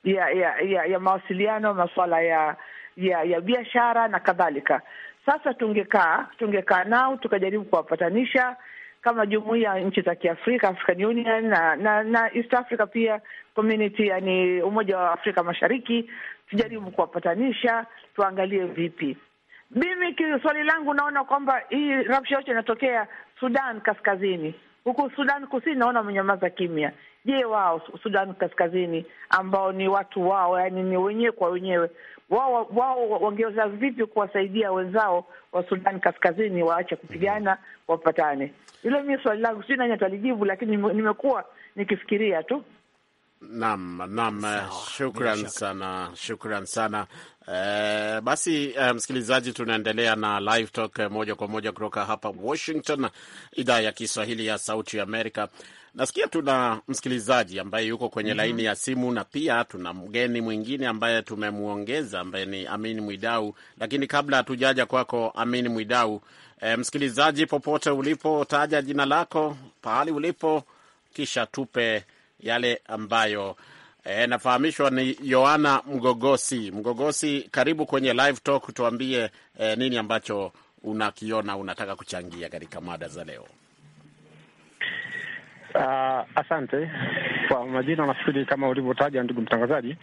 E: ya, ya, ya, ya mawasiliano, masuala ya ya, ya biashara na kadhalika. Sasa tungekaa tungekaa nao tukajaribu kuwapatanisha kama jumuiya nchi za Kiafrika, African Union na, na, na East Africa pia community, yani Umoja wa Afrika Mashariki, tujaribu kuwapatanisha, tuangalie vipi. Mimi swali langu naona kwamba hii rabsha yote inatokea Sudan Kaskazini, huku Sudan Kusini naona wamenyamaza kimya. Je, wao Sudan Kaskazini ambao ni watu wao, yani ni wenyewe kwa wenyewe wao wao wangeweza vipi kuwasaidia wenzao wa Sudan Kaskazini waache kupigana wapatane? Hilo mimi swali langu, sijui nani atalijibu, lakini nimekuwa nikifikiria tu.
C: Nam nam, eh, shukran sana, shukran sana. E, basi eh, msikilizaji, tunaendelea na live talk moja kwa moja kutoka hapa Washington, idhaa ya Kiswahili ya Sauti Amerika. Nasikia tuna msikilizaji ambaye yuko kwenye mm -hmm. laini ya simu na pia tuna mgeni mwingine ambaye tumemwongeza ambaye ni Amin Mwidau, lakini kabla hatujaja kwako Amin Mwidau, e, msikilizaji popote ulipo, taja jina lako, pahali ulipo, kisha tupe yale ambayo e, nafahamishwa ni yoana Mgogosi. Mgogosi, karibu kwenye live talk, tuambie e, nini ambacho unakiona unataka kuchangia katika mada za leo.
B: Uh, asante kwa majina. Nafikiri kama ulivyotaja ndugu mtangazaji,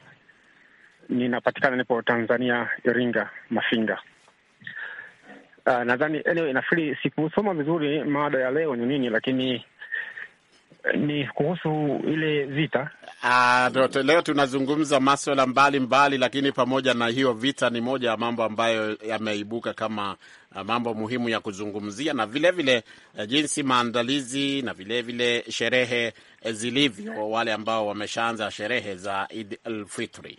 B: ninapatikana nipo Tanzania, Iringa, Mafinga. Uh,
C: nadhani anyway, nafikiri sikusoma vizuri mada ya leo ni nini, lakini
B: ni kuhusu ile vita
C: ah, leo tunazungumza maswala mbalimbali, lakini pamoja na hiyo vita ni moja ya mambo ambayo yameibuka kama ah, mambo muhimu ya kuzungumzia, na vilevile vile, eh, jinsi maandalizi na vilevile vile sherehe eh, zilivyo, wale ambao wameshaanza sherehe za Eid al-Fitri.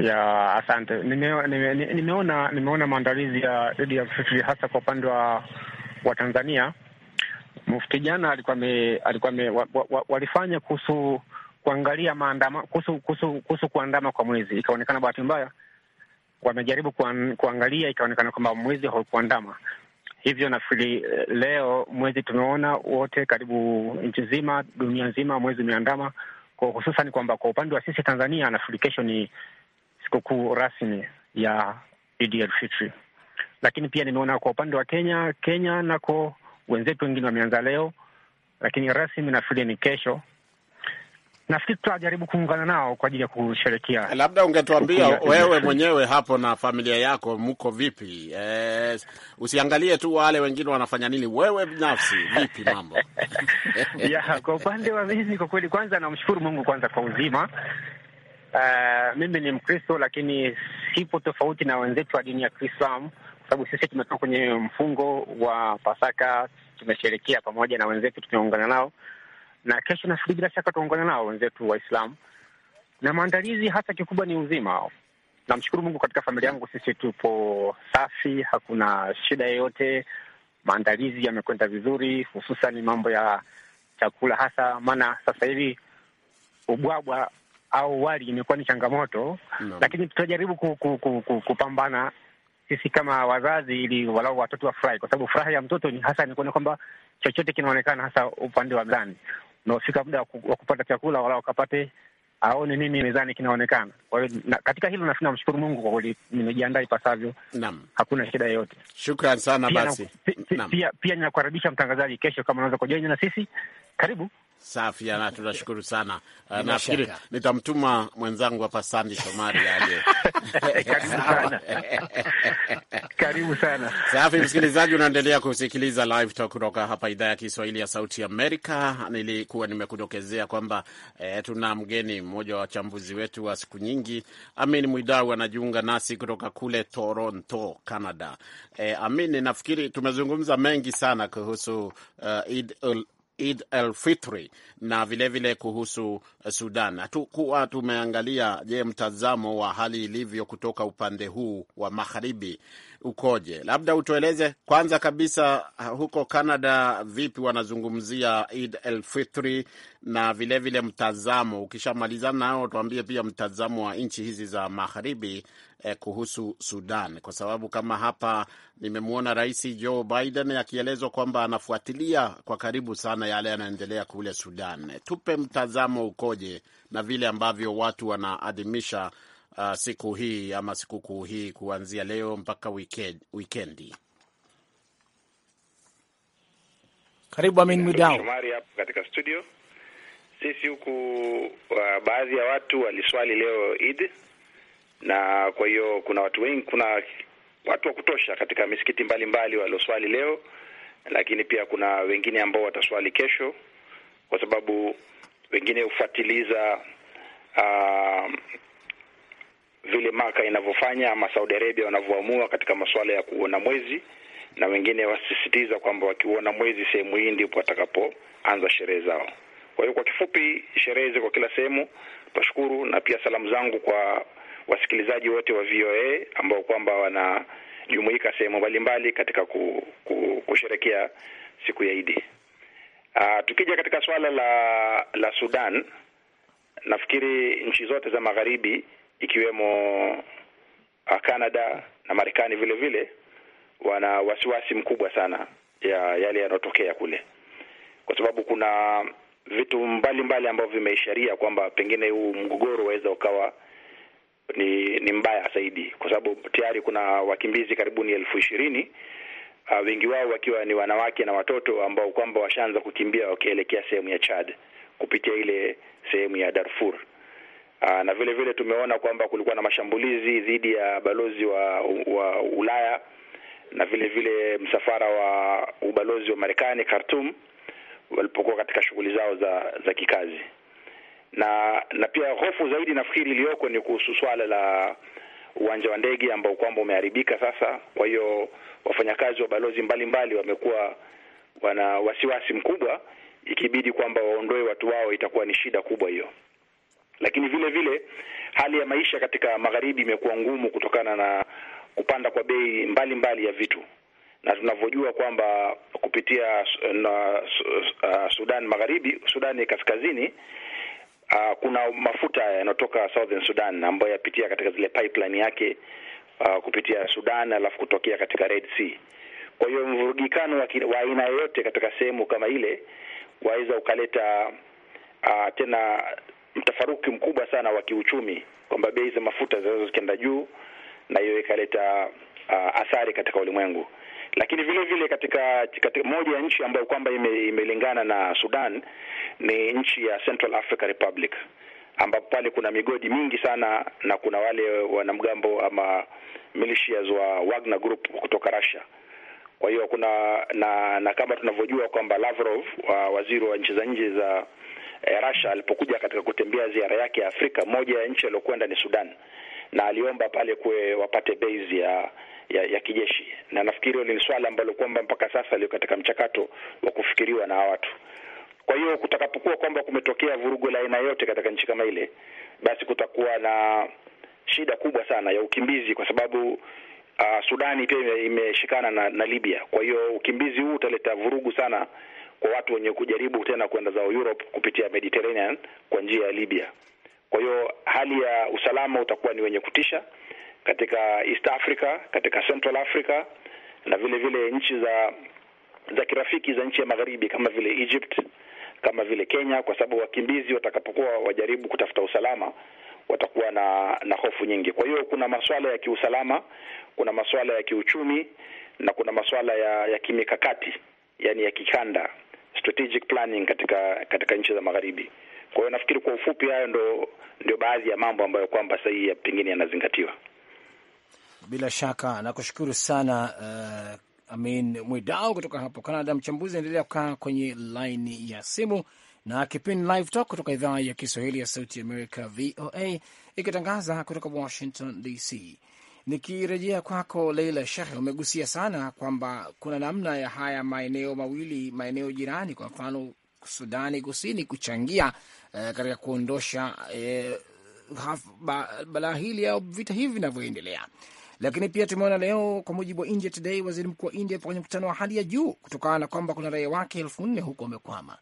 C: Ya, asante.
B: Nimeona nimeona maandalizi ya Eid al-Fitri hasa kwa upande wa Tanzania Mufti jana alikuwa me, alikuwa me, wa, wa, wa, walifanya kuhusu kuangalia maandama kuhusu kuhusu kuhusu kuandama kwa mwezi, ikaonekana bahati mbaya wamejaribu kuan, kuangalia ikaonekana kwamba mwezi haukuandama hivyo. Nafikiri eh, leo mwezi tumeona wote karibu nchi nzima, dunia nzima, mwezi umeandama kwa hususan kwamba kwa upande wa sisi Tanzania, nafikiri kesho ni sikukuu rasmi ya Idi el Fitri, lakini pia nimeona kwa upande wa Kenya, Kenya nako wenzetu wengine wameanza leo, lakini rasmi nafikiri ni kesho. Nafikiri tutajaribu kuungana nao kwa ajili ya kusherekea.
C: Labda ungetuambia wewe mwenyewe hapo na familia yako mko vipi? Yes. Eh, usiangalie tu wale wengine wanafanya nini, wewe binafsi vipi mambo?
B: Ya, kwa upande wa mimi kwa kweli, kwanza namshukuru Mungu kwanza kwa uzima. Uh, mimi ni Mkristo lakini sipo tofauti na wenzetu wa dini ya Kiislamu sababu sisi tumetoka kwenye mfungo wa Pasaka, tumesherekea pamoja na wenzetu, tumeungana nao na kesho nafikiri bila shaka tuungana nao wenzetu Waislamu na maandalizi hasa kikubwa ni uzima. Namshukuru Mungu, katika familia yangu sisi tupo safi, hakuna shida yoyote. Maandalizi yamekwenda vizuri, hususan mambo ya chakula, hasa maana sasa hivi ubwabwa au wali imekuwa ni changamoto no. Lakini tutajaribu ku, ku, ku, ku, kupambana sisi kama wazazi, ili walau watoto wafurahi, kwa sababu furaha ya mtoto ni hasa ni kuona kwamba chochote kinaonekana, hasa upande wa mezani unaofika muda wa kupata chakula, walau wakapate aone nini mezani kinaonekana. Kwa hiyo katika hilo nafi, namshukuru Mungu kwa kweli, nimejiandaa ipasavyo. Naam, hakuna shida yoyote.
C: Shukran sana. Basi
B: pia, pia, pia ninakukaribisha mtangazaji, kesho kama unaweza kujoina na sisi,
C: karibu Safi ana, tunashukuru sana. Eh, nafikiri nitamtuma mwenzangu hapa Sandi Shomari aje. Karibu sana. Safi msikilizaji, unaendelea kusikiliza Live Talk kutoka hapa idhaa ya Kiswahili ya Sauti Amerika. Nilikuwa nimekudokezea kwamba eh, tuna mgeni mmoja wa wachambuzi wetu wa siku nyingi, Amin Mwidau anajiunga nasi kutoka kule Toronto, Canada. Eh, Amin, nafikiri tumezungumza mengi sana kuhusu uh, Eid al-Fitri na vilevile vile kuhusu eh, Sudan. Hatukuwa tumeangalia, je, mtazamo wa hali ilivyo kutoka upande huu wa magharibi ukoje? Labda utueleze kwanza kabisa, eh, huko Canada vipi wanazungumzia Eid al-Fitri na vilevile vile mtazamo, ukishamalizana nao tuambie pia mtazamo wa nchi hizi za magharibi eh, kuhusu Sudan, kwa sababu kama hapa nimemwona Rais Joe Biden akielezwa kwamba anafuatilia kwa karibu sana yale yanaendelea kule Sudan. Tupe mtazamo ukoje na vile ambavyo watu wanaadhimisha uh, siku hii ama sikukuu hii kuanzia leo mpaka weekend, Karibu Amin Mwidau Shomari hapo
G: katika studio. Sisi huku uh, baadhi ya watu waliswali leo Eid na kwa hiyo kuna watu wengi, kuna watu wa kutosha katika misikiti mbalimbali walioswali leo, lakini pia kuna wengine ambao wataswali kesho, kwa sababu wengine hufuatiliza uh, vile Maka inavyofanya ama Saudi Arabia wanavyoamua katika masuala ya kuona mwezi, na wengine wasisitiza kwamba wakiuona mwezi sehemu hii ndipo watakapoanza sherehe zao. Kwa hiyo kwa kifupi, sherehe ziko kila sehemu. Tashukuru na pia salamu zangu kwa wasikilizaji wote wa VOA ambao kwamba wanajumuika sehemu mbalimbali katika ku, ku, kusherekea siku ya Idi. Uh, tukija katika swala la la Sudan, nafikiri nchi zote za magharibi ikiwemo uh, Canada na Marekani vile vile wana wasiwasi mkubwa sana ya yale yanayotokea kule, kwa sababu kuna vitu mbalimbali ambavyo vimeisharia kwamba pengine huu mgogoro waweza ukawa ni ni mbaya zaidi, kwa sababu tayari kuna wakimbizi karibuni elfu ishirini uh, wengi wao wakiwa ni wanawake na watoto ambao kwamba washaanza kukimbia wakielekea sehemu ya Chad kupitia ile sehemu ya Darfur. Uh, na vile vile tumeona kwamba kulikuwa na mashambulizi dhidi ya balozi wa wa Ulaya na vile vile msafara wa ubalozi wa Marekani Khartoum walipokuwa katika shughuli zao za za kikazi na na pia hofu zaidi nafikiri iliyoko ni kuhusu swala la uwanja wa ndege ambao kwamba umeharibika sasa. Kwa hiyo wafanyakazi wa balozi mbalimbali wamekuwa wana wasiwasi mkubwa, ikibidi kwamba waondoe watu wao, itakuwa ni shida kubwa hiyo. Lakini vile vile hali ya maisha katika magharibi imekuwa ngumu kutokana na kupanda kwa bei mbalimbali mbali ya vitu, na tunavyojua kwamba kupitia na, uh, Sudan Magharibi, Sudani Kaskazini Uh, kuna mafuta yanayotoka Southern Sudan ambayo yapitia katika zile pipeline yake uh, kupitia Sudan alafu kutokea katika Red Sea. Kwa hiyo mvurugikano wa aina yoyote katika sehemu kama ile waweza ukaleta uh, tena mtafaruki mkubwa sana wa kiuchumi, kwamba bei za mafuta zinaweza zikaenda juu na hiyo ikaleta uh, athari katika ulimwengu. Lakini vile vile katika, katika moja ya nchi ambayo kwamba ime, imelingana na Sudan ni nchi ya Central Africa Republic ambapo pale kuna migodi mingi sana na kuna wale wanamgambo ama militias wa Wagner Group kutoka Russia. Kwa hiyo kuna na, na kama tunavyojua kwamba Lavrov wa waziri wa nchi za nje za e, Russia alipokuja katika kutembea ziara yake ya Afrika, moja ya nchi aliyokwenda ni Sudan na aliomba pale kuwe wapate base ya ya, ya kijeshi, na nafikiri hilo ni swala ambalo kwamba mpaka sasa lio katika mchakato wa kufikiriwa na watu. Kwa hiyo kutakapokuwa kwamba kumetokea vurugu la aina yote katika nchi kama ile, basi kutakuwa na shida kubwa sana ya ukimbizi, kwa sababu uh, Sudani pia imeshikana na, na Libya. Kwa hiyo ukimbizi huu utaleta vurugu sana kwa watu wenye kujaribu tena kwenda zao Europe kupitia Mediterranean kwa njia ya Libya. Kwa hiyo hali ya usalama utakuwa ni wenye kutisha katika East Africa, katika Central Africa na vile vile nchi za za kirafiki za nchi ya magharibi kama vile Egypt, kama vile Kenya, kwa sababu wakimbizi watakapokuwa wajaribu kutafuta usalama watakuwa na na hofu nyingi. Kwa hiyo kuna masuala ya kiusalama, kuna masuala ya kiuchumi na kuna masuala ya, ya kimikakati, yani ya kikanda, strategic planning katika katika nchi za magharibi. Kwa hiyo nafikiri kwa ufupi hayo ndio baadhi ya mambo ambayo kwamba sasa hii pengine yanazingatiwa
A: bila shaka nakushukuru sana uh, Amin Mwidau kutoka hapo Canada. Mchambuzi anaendelea kukaa kwenye laini ya simu na kipindi Live Talk kutoka idhaa ya Kiswahili ya Sauti Amerika VOA ikitangaza kutoka Washington DC. Nikirejea kwako Leila Shehe, umegusia sana kwamba kuna namna ya haya maeneo mawili, maeneo jirani, kwa mfano Sudani Kusini kuchangia eh, katika kuondosha eh, balaa hili au vita hivi vinavyoendelea. Lakini pia tumeona leo, kwa mujibu wa India Today, waziri mkuu wa India kwenye mkutano wa hali ya juu kutokana na kwamba kuna raia wake elfu nne huko wamekwama.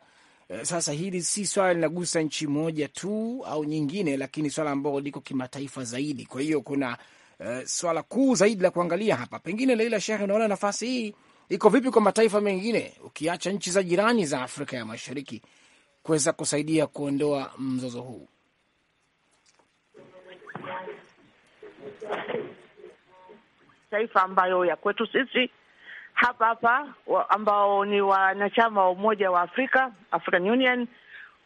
A: E, sasa hili si swala linagusa nchi moja tu au nyingine, lakini swala ambalo liko kimataifa zaidi. Kwa hiyo kuna uh, swala kuu zaidi la kuangalia hapa. Pengine Leila Shehe, unaona nafasi hii iko vipi kwa mataifa mengine, ukiacha nchi za jirani za Afrika ya Mashariki kuweza kusaidia kuondoa mzozo huu?
E: taifa ambayo ya kwetu sisi hapa hapa ambao ni wanachama wa Umoja wa Afrika, African Union,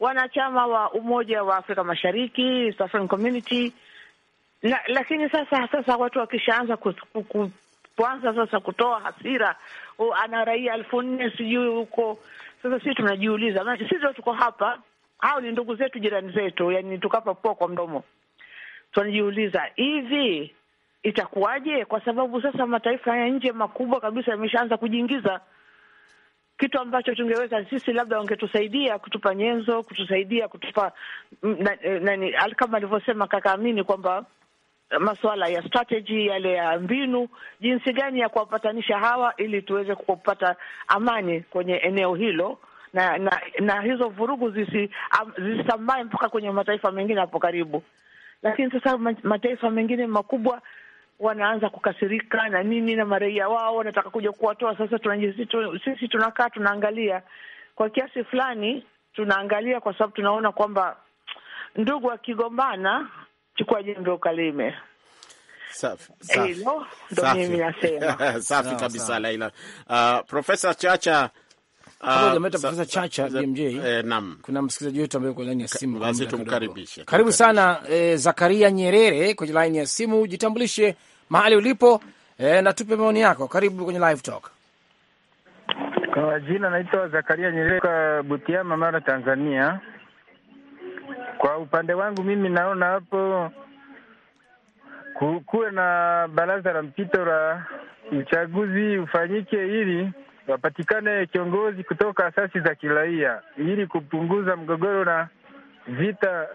E: wanachama wa Umoja wa Afrika Mashariki, East African Community na, lakini sasa sasa watu wakishaanza kuanza sasa kutoa hasira, oh, ana raia elfu nne sijui huko. Sasa sisi tunajiuliza, sisi tuko hapa, hao ni ndugu zetu, jirani zetu, yani tukapa pua kwa mdomo. Tunajiuliza hivi itakuwaje? Kwa sababu sasa mataifa ya nje makubwa kabisa yameshaanza kujiingiza, kitu ambacho tungeweza sisi, labda wangetusaidia kutupa nyenzo, kutusaidia kutupa mm, eh, nani na, na, kama alivyosema kaka Amini kwamba eh, masuala ya strategy yale ya mbinu, jinsi gani ya kuwapatanisha hawa ili tuweze kupata amani kwenye eneo hilo na na, na hizo vurugu zisisambae um, mpaka kwenye mataifa mengine hapo karibu. Lakini sasa mataifa mengine makubwa wanaanza kukasirika na nini, na maraia wao wanataka kuja kuwatoa. Sasa tunajizitu, sisi tunakaa tunaangalia kwa kiasi fulani, tunaangalia kwa sababu tunaona kwamba ndugu akigombana, chukua jembe
C: ukalime. Safi, kabisa. Laila, uh, Profesa Chacha uh, Profesa Chacha BMJ, eh, kuna msikilizaji wetu ambaye kwa laini ya simu, basi tumkaribishe. Karibu
A: sana eh, Zakaria Nyerere kwenye laini ya simu, jitambulishe mahali ulipo e, na tupe maoni yako. Karibu kwenye live talk.
G: Kwa jina naitwa Zakaria kwa Butiama, Mara, Tanzania. Kwa upande wangu mimi naona hapo kuwe na baraza la mpito la uchaguzi ufanyike ili wapatikane kiongozi kutoka asasi za kiraia ili kupunguza mgogoro na vita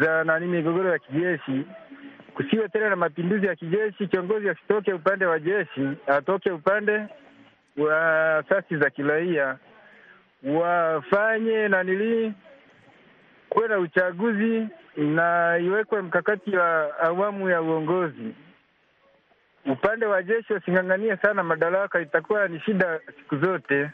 G: za nani, migogoro ya kijeshi kusiwe tena na mapinduzi ya kijeshi. Kiongozi asitoke upande wa jeshi, atoke upande wa asasi za kiraia. Wafanye nanili kuwe na uchaguzi na iwekwe mkakati wa awamu ya uongozi. Upande wa jeshi wasing'ang'anie sana madaraka, itakuwa
D: ni shida siku zote.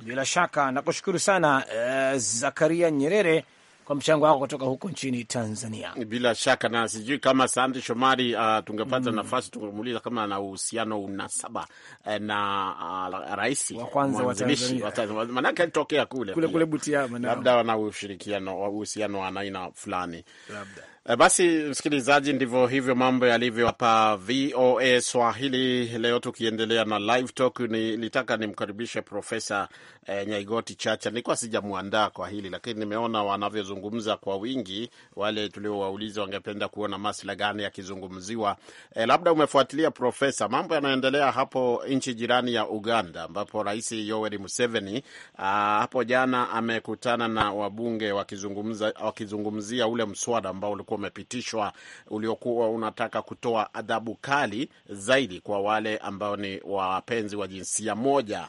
A: Bila shaka nakushukuru sana eh, Zakaria Nyerere kwa mchango wako kutoka huko nchini Tanzania.
C: Bila shaka na sijui kama sandi Shomari, uh, tungepata mm. nafasi tungemuuliza kama na uhusiano unasaba eh, na uh, rais wa kwanza wa Tanzania, maanake alitokea kule kule kule Butiama, labda wana ushirikiano uhusiano wa aina fulani labda Eh, basi msikilizaji, ndivyo hivyo mambo yalivyo hapa VOA Swahili leo, tukiendelea na live talk. Nilitaka nimkaribishe Profesa eh, Nyaigoti Chacha. Nilikuwa sijamwandaa kwa hili, lakini nimeona wanavyozungumza kwa wingi, wale tuliowauliza wangependa kuona masuala gani yakizungumziwa. Eh, labda umefuatilia Profesa mambo yanaendelea hapo nchi jirani ya Uganda, ambapo Rais Yoweri Museveni ah, hapo jana amekutana na wabunge wakizungumza, wakizungumzia ule mswada ambao ulikuwa umepitishwa uliokuwa unataka kutoa adhabu kali zaidi kwa wale ambao ni wapenzi wa jinsia moja.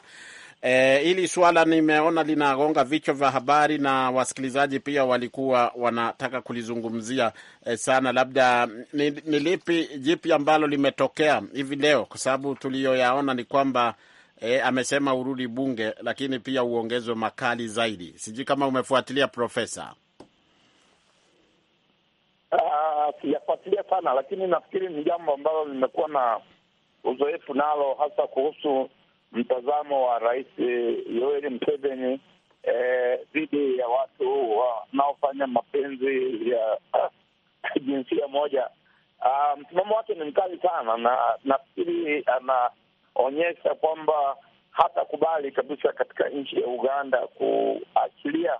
C: E, hili suala nimeona linagonga vichwa vya habari na wasikilizaji pia walikuwa wanataka kulizungumzia e, sana. Labda ni, ni lipi jipi ambalo limetokea hivi leo? Kwa sababu tuliyoyaona ni kwamba e, amesema urudi bunge, lakini pia uongezwe makali zaidi. Sijui kama umefuatilia Profesa
D: sijafuatilia sana, lakini nafikiri ni jambo ambalo limekuwa na uzoefu nalo, hasa kuhusu mtazamo wa Rais eh, Yoweri Museveni eh, dhidi ya watu wanaofanya mapenzi ya jinsia moja. Ah, msimamo wake ni mkali sana, na nafikiri anaonyesha kwamba hatakubali kabisa katika nchi ya Uganda kuachilia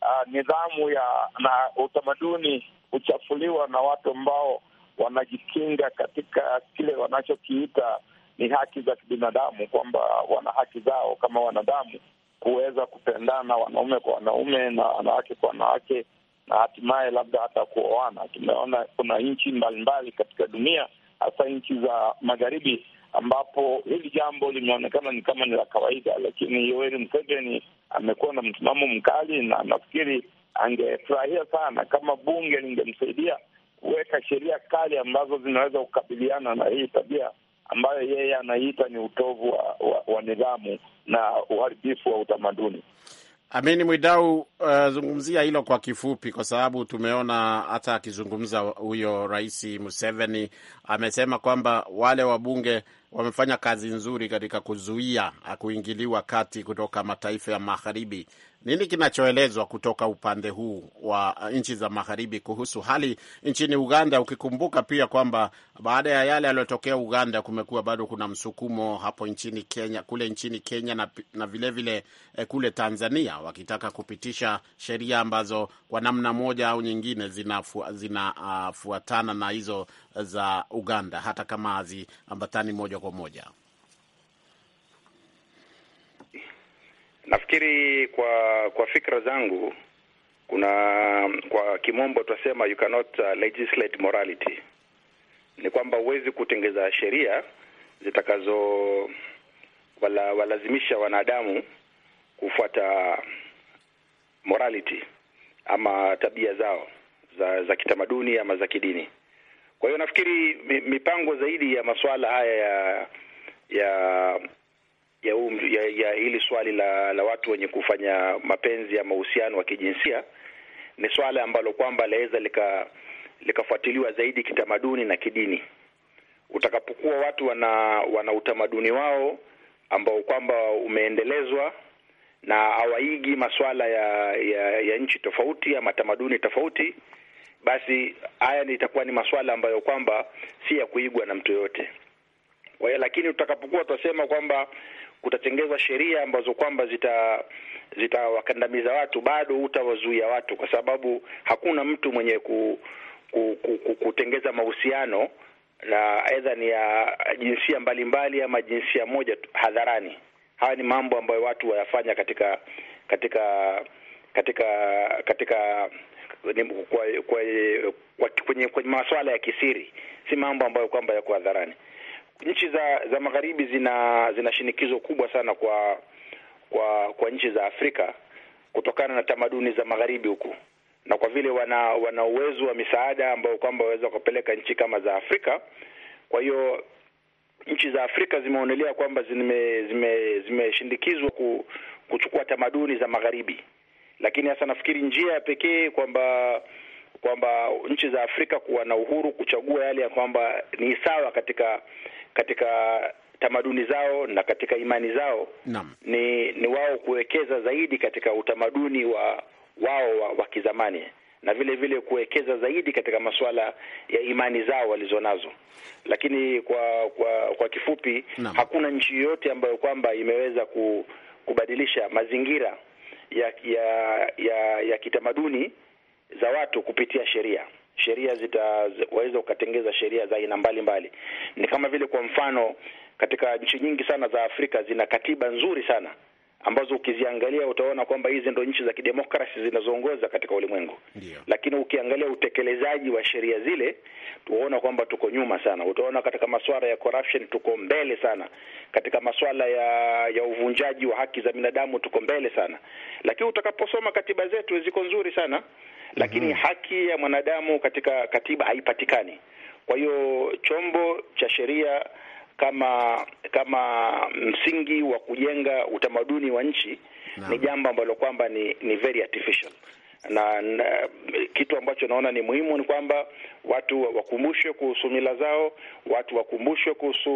D: ah, nidhamu ya na utamaduni kuchafuliwa na watu ambao wanajikinga katika kile wanachokiita ni haki za kibinadamu, kwamba wana haki zao kama wanadamu kuweza kupendana wanaume kwa wanaume na wanawake kwa wanawake na hatimaye labda hata kuoana. Tumeona kuna nchi mbalimbali katika dunia, hasa nchi za magharibi, ambapo hili jambo limeonekana ni kama ni la kawaida, lakini Yoweri Museveni amekuwa na msimamo mkali, na nafikiri angefurahia sana kama bunge lingemsaidia kuweka sheria kali ambazo zinaweza kukabiliana na hii tabia ambayo yeye anaita ni utovu wa, wa, wa nidhamu na uharibifu wa utamaduni.
C: Amini Mwidau, uh, zungumzia hilo kwa kifupi, kwa sababu tumeona hata akizungumza huyo Rais Museveni amesema kwamba wale wabunge wamefanya kazi nzuri katika kuzuia kuingiliwa kati kutoka mataifa ya magharibi nini kinachoelezwa kutoka upande huu wa uh, nchi za magharibi kuhusu hali nchini Uganda, ukikumbuka pia kwamba baada ya yale yaliyotokea Uganda kumekuwa bado kuna msukumo hapo nchini Kenya, kule nchini Kenya na, na vilevile vile eh, kule Tanzania wakitaka kupitisha sheria ambazo kwa namna moja au nyingine zinafuatana zina, uh, na hizo eh, za Uganda hata kama haziambatani moja kwa moja.
G: Nafikiri kwa kwa fikra zangu kuna kwa kimombo tunasema you cannot uh, legislate morality, ni kwamba huwezi kutengeza sheria zitakazo wala, walazimisha wanadamu kufuata morality ama tabia zao za za kitamaduni ama za kidini. Kwa hiyo nafikiri mipango zaidi ya masuala haya ya ya ya, um, ya, ya hili swali la, la watu wenye kufanya mapenzi ya mahusiano wa kijinsia ni swala ambalo kwamba laweza lika likafuatiliwa zaidi kitamaduni na kidini. Utakapokuwa watu wana wana utamaduni wao ambao kwamba umeendelezwa na hawaigi masuala ya, ya, ya nchi tofauti ama tamaduni tofauti, basi haya itakuwa ni masuala ambayo kwamba si ya kuigwa na mtu yoyote yawe, eh, lakini tutakapokuwa tutasema kwamba kutatengezwa sheria ambazo kwamba zita zitawakandamiza watu, bado utawazuia watu, kwa sababu hakuna mtu mwenye ku, ku, ku, ku, kutengeza mahusiano na aidha ni ya jinsia mbalimbali ama jinsia moja hadharani. Haya ni mambo ambayo watu wayafanya katika katika katika katika kwa, kwa, kwa, kwenye, kwenye masuala ya kisiri, si mambo ambayo kwamba yako hadharani nchi za za magharibi zina zina shinikizo kubwa sana kwa kwa kwa nchi za Afrika kutokana na tamaduni za magharibi huku, na kwa vile wana wana uwezo wa misaada ambao kwamba waweza kupeleka nchi kama za Afrika. Kwa hiyo nchi za Afrika zimeonelea kwamba zimeshindikizwa zime, zime kuchukua tamaduni za magharibi, lakini hasa nafikiri njia ya pekee kwamba kwamba nchi za Afrika kuwa na uhuru kuchagua yale ya kwamba ni sawa katika katika tamaduni zao na katika imani zao Naam. Ni, ni wao kuwekeza zaidi katika utamaduni wa wao wa, wa kizamani na vile vile kuwekeza zaidi katika masuala ya imani zao walizonazo, lakini kwa kwa, kwa kifupi Naam. hakuna nchi yoyote ambayo kwamba imeweza kubadilisha mazingira ya ya, ya, ya kitamaduni za watu kupitia sheria sheria zitaweza ukatengeza sheria za aina mbalimbali. Ni kama vile kwa mfano, katika nchi nyingi sana za Afrika zina katiba nzuri sana ambazo ukiziangalia utaona kwamba hizi ndo nchi za kidemokrasi zinazoongoza katika ulimwengu. Lakini ukiangalia utekelezaji wa sheria zile tuona kwamba tuko nyuma sana. Utaona katika masuala ya corruption tuko mbele sana, katika masuala ya ya uvunjaji wa haki za binadamu tuko mbele sana, lakini utakaposoma katiba zetu ziko nzuri sana lakini mm -hmm. haki ya mwanadamu katika katiba haipatikani. Kwa hiyo chombo cha sheria kama kama msingi wa kujenga utamaduni wa nchi ni jambo ambalo kwamba ni, ni very artificial na, na kitu ambacho naona ni muhimu ni kwamba watu wakumbushwe kuhusu mila zao, watu wakumbushwe kuhusu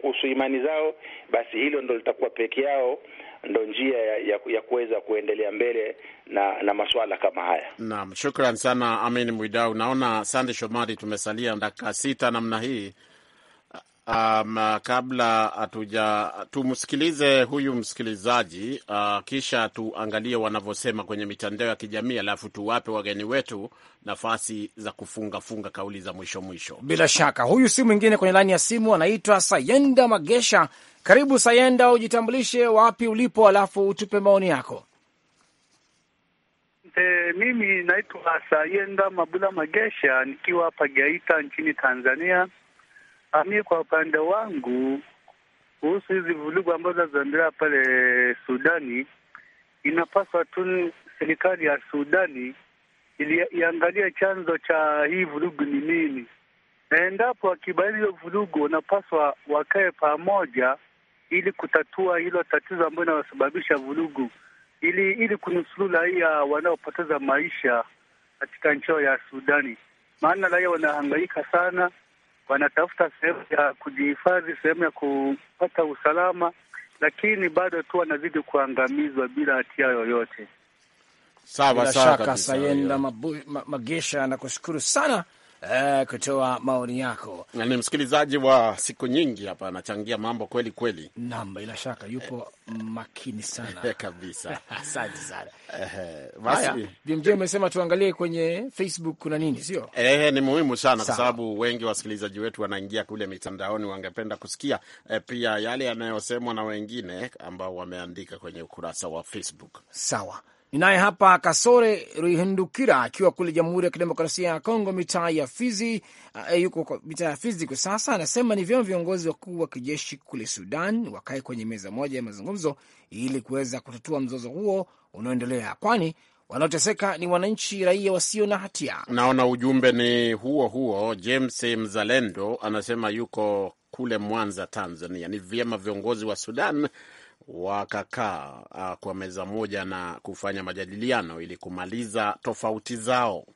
G: kuhusu imani zao. Basi hilo ndo litakuwa peke yao ndo njia ya, ya, ya kuweza kuendelea mbele na na masuala kama haya.
C: Naam, shukran sana Amin Mwidau. Naona Sande Shomari, tumesalia dakika sita namna hii Um, uh, kabla hatuja tumsikilize huyu msikilizaji uh, kisha tuangalie wanavyosema kwenye mitandao ya kijamii, alafu tuwape wageni wetu nafasi za kufungafunga kauli za mwisho mwisho. Bila shaka
A: huyu si mwingine kwenye laini ya simu, anaitwa Sayenda Magesha. Karibu Sayenda, ujitambulishe wapi ulipo, alafu utupe maoni yako.
D: E, mimi naitwa Sayenda Mabula Magesha nikiwa hapa Geita nchini Tanzania. Ah, mi kwa upande wangu kuhusu hizi vurugu ambazo zinaendelea pale Sudani, inapaswa tu serikali ya Sudani iangalie chanzo cha hii vurugu ni nini, na endapo wakibaini hiyo vurugu, wanapaswa wakae pamoja ili kutatua hilo tatizo ambayo inayosababisha vurugu, ili ili kunusuru raia wanaopoteza maisha katika nchi yao ya Sudani, maana raia wanahangaika sana wanatafuta sehemu ya kujihifadhi, sehemu ya kupata usalama, lakini bado tu wanazidi kuangamizwa bila hatia yoyote.
C: Sawa, bila shaka Sayenda
A: Magesha, nakushukuru sana uh, kutoa maoni yako.
C: Na ni msikilizaji wa siku nyingi hapa, anachangia mambo kweli kweli. Naam, bila shaka yupo makini sana kabisa.
A: Asante sana. BMJ umesema tuangalie kwenye Facebook kuna nini, sio?
C: Eh, ni muhimu sana kwa sababu wengi wasikilizaji wetu wanaingia kule mitandaoni, wangependa kusikia eh, pia yale yanayosemwa na wengine ambao wameandika kwenye ukurasa wa Facebook.
A: Sawa. Ninaye hapa Kasore Ruhindukira akiwa kule Jamhuri ya Kidemokrasia ya Kongo, mitaa ya Fizi. Uh, yuko mitaa ya Fizi kwa sasa. Anasema ni vyema viongozi wakuu wa kijeshi kule Sudan wakae kwenye meza moja ya mazungumzo ili kuweza kutatua mzozo huo unaoendelea, kwani wanaoteseka ni wananchi, raia wasio na hatia.
C: Naona ujumbe ni huo huo. James Mzalendo anasema yuko kule Mwanza, Tanzania, ni vyema viongozi wa Sudan wakakaa uh, kwa meza moja na kufanya majadiliano ili kumaliza tofauti zao.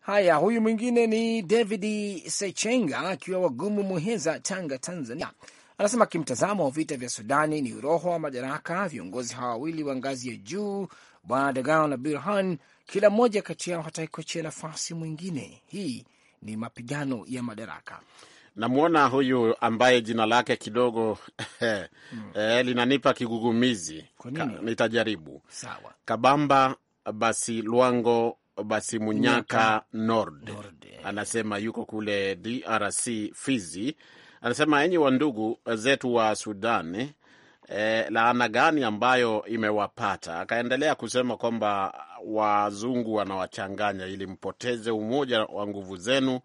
A: Haya, huyu mwingine ni David Sechenga akiwa wagumu Muheza, Tanga, Tanzania. Anasema kimtazamo wa vita vya Sudani ni uroho wa madaraka. Viongozi hawa wawili wa ngazi ya juu, Bwana Dagao na Birhan, kila mmoja kati yao hataki kuachia nafasi mwingine. Hii ni mapigano ya madaraka
C: namwona huyu ambaye jina lake kidogo mm. eh, linanipa kigugumizi. Ka, nitajaribu sawa. Kabamba basi Lwango basi Munyaka Nord, Nord Anasema yuko kule DRC Fizi, anasema enyi wandugu zetu wa Sudani eh, laana gani ambayo imewapata. Akaendelea kusema kwamba wazungu wanawachanganya ili mpoteze umoja wa nguvu zenu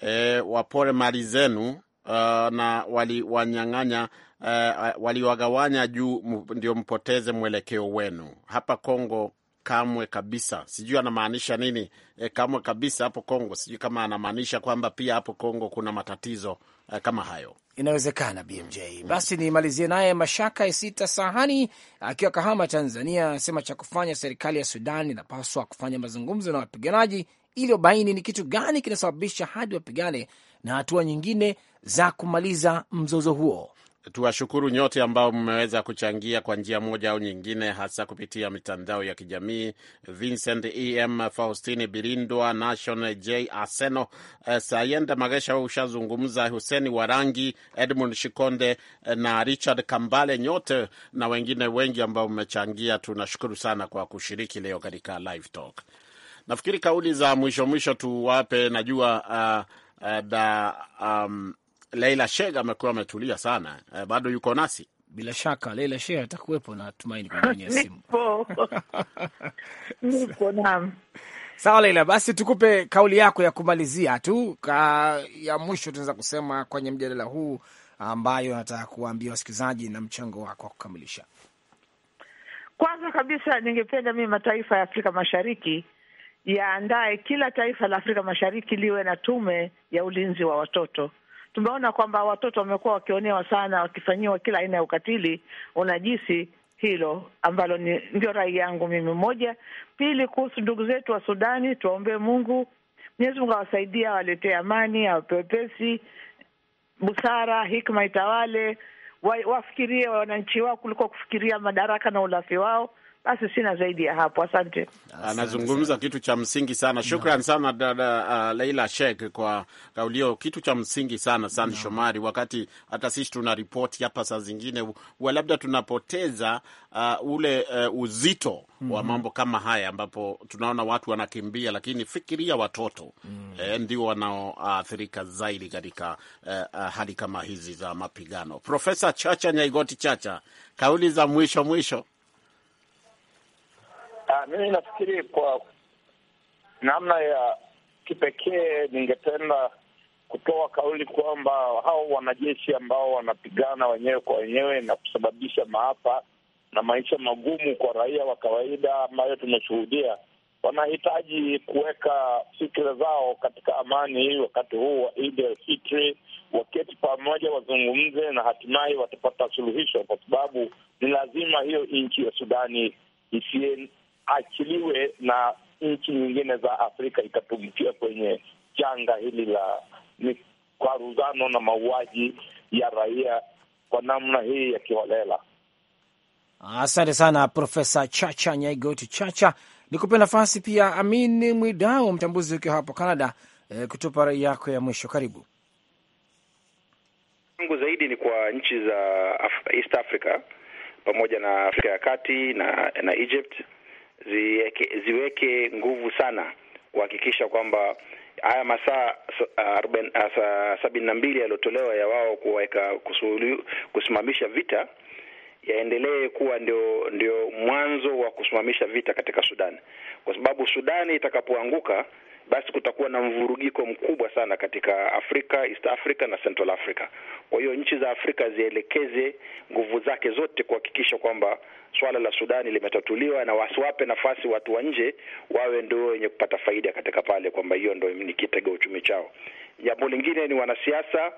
C: e, wapore mali zenu uh, na waliwanyang'anya uh, e, waliwagawanya juu ndio mpoteze mwelekeo wenu. Hapa Kongo kamwe kabisa, sijui anamaanisha nini e, kamwe kabisa hapo Kongo. Sijui kama anamaanisha kwamba pia hapo Kongo kuna matatizo e, kama hayo,
A: inawezekana BMJ. mm. Basi nimalizie naye Mashaka Isita Sahani akiwa Kahama, Tanzania, anasema cha kufanya serikali ya Sudan inapaswa kufanya mazungumzo na wapiganaji ili wabaini ni kitu gani kinasababisha hadi wapigane na hatua nyingine za kumaliza mzozo huo.
C: Tuwashukuru nyote ambao mmeweza kuchangia kwa njia moja au nyingine, hasa kupitia mitandao ya kijamii: Vincent Em, Faustini Birindwa, Nation J Aseno, eh, Sayenda Magesha, ushazungumza, Huseni Warangi, Edmund Shikonde eh, na Richard Kambale, nyote na wengine wengi ambao mmechangia. Tunashukuru sana kwa kushiriki leo katika Live Talk. Nafikiri kauli za mwisho mwisho tuwape, najua uh, uh, da, um, Leila Sheg amekuwa ametulia sana uh, bado yuko nasi bila shaka Leila Sheikh atakuwepo na tumaini kwenye simu.
A: Sawa Leila, basi tukupe kauli yako ya kumalizia tu ka, ya mwisho tunaweza kusema kwenye mjadala huu ambayo nataka kuwaambia wasikilizaji na mchango wako wa kukamilisha.
E: Kwanza kabisa, ningependa mimi mataifa ya Afrika Mashariki yaandae kila taifa la Afrika Mashariki liwe na tume ya ulinzi wa watoto. Tumeona kwamba watoto wamekuwa wakionewa sana, wakifanyiwa kila aina ya ukatili, unajisi hilo ambalo ni ndio rai yangu mimi moja. Pili, kuhusu ndugu zetu wa Sudani, tuwaombee Mungu, Mwenyezi Mungu awasaidie, awaletee amani, awapepesi busara, hikma itawale, wafikirie wananchi wao kuliko kufikiria madaraka na ulafi wao. Basi sina zaidi ya hapo, asante.
C: Anazungumza kitu cha msingi sana. Shukran no. sana dada uh, Leila Sheikh kwa kaulio, kitu cha msingi sana sana no. Shomari, wakati hata sisi tuna ripoti hapa saa zingine huwa labda tunapoteza uh, ule uh, uzito mm -hmm. wa mhm. mambo kama haya ambapo tunaona watu wanakimbia, lakini fikiria watoto mm -hmm. eh, ndio wanaoathirika uh, zaidi katika uh, uh, hali kama hizi za mapigano. Profesa Chacha Nyaigoti Chacha, kauli za mwisho mwisho
D: Ah, mimi nafikiri kwa namna ya kipekee ningependa kutoa kauli kwamba hao wanajeshi ambao wanapigana wenyewe kwa wenyewe na kusababisha maafa na maisha magumu kwa raia wa kawaida ambayo tumeshuhudia, wanahitaji kuweka fikira zao katika amani hii wakati huu wa Idi el waketi pamoja, wazungumze na hatimaye watapata suluhisho, kwa sababu ni lazima hiyo nchi ya Sudani achiliwe na nchi nyingine za Afrika ikatumbukia kwenye janga hili la mikwaruzano na mauaji ya raia kwa namna hii ya kiholela.
A: Asante sana Profesa Chacha Nyaigotu Chacha. Nikupe nafasi pia Amini Mwidau, mchambuzi ukiwa hapo Canada, eh, kutupa rai yako ya mwisho. Karibu
G: angu zaidi ni kwa nchi za Af East Africa pamoja na Afrika ya Kati na na Egypt ziweke, ziweke nguvu sana kuhakikisha kwamba haya masaa ah, ah, sabini na mbili yaliyotolewa ya wao kuweka kusimamisha vita yaendelee kuwa ndio ndio mwanzo wa kusimamisha vita katika Sudan, kwa sababu Sudani itakapoanguka basi kutakuwa na mvurugiko mkubwa sana katika Afrika, East Africa na Central Africa. Kwa hiyo nchi za Afrika zielekeze nguvu zake zote kuhakikisha kwamba swala la Sudani limetatuliwa na wasiwape nafasi watu wa nje wawe ndio wenye kupata faida katika pale, kwamba hiyo ndio ni kitega uchumi chao. Jambo lingine ni wanasiasa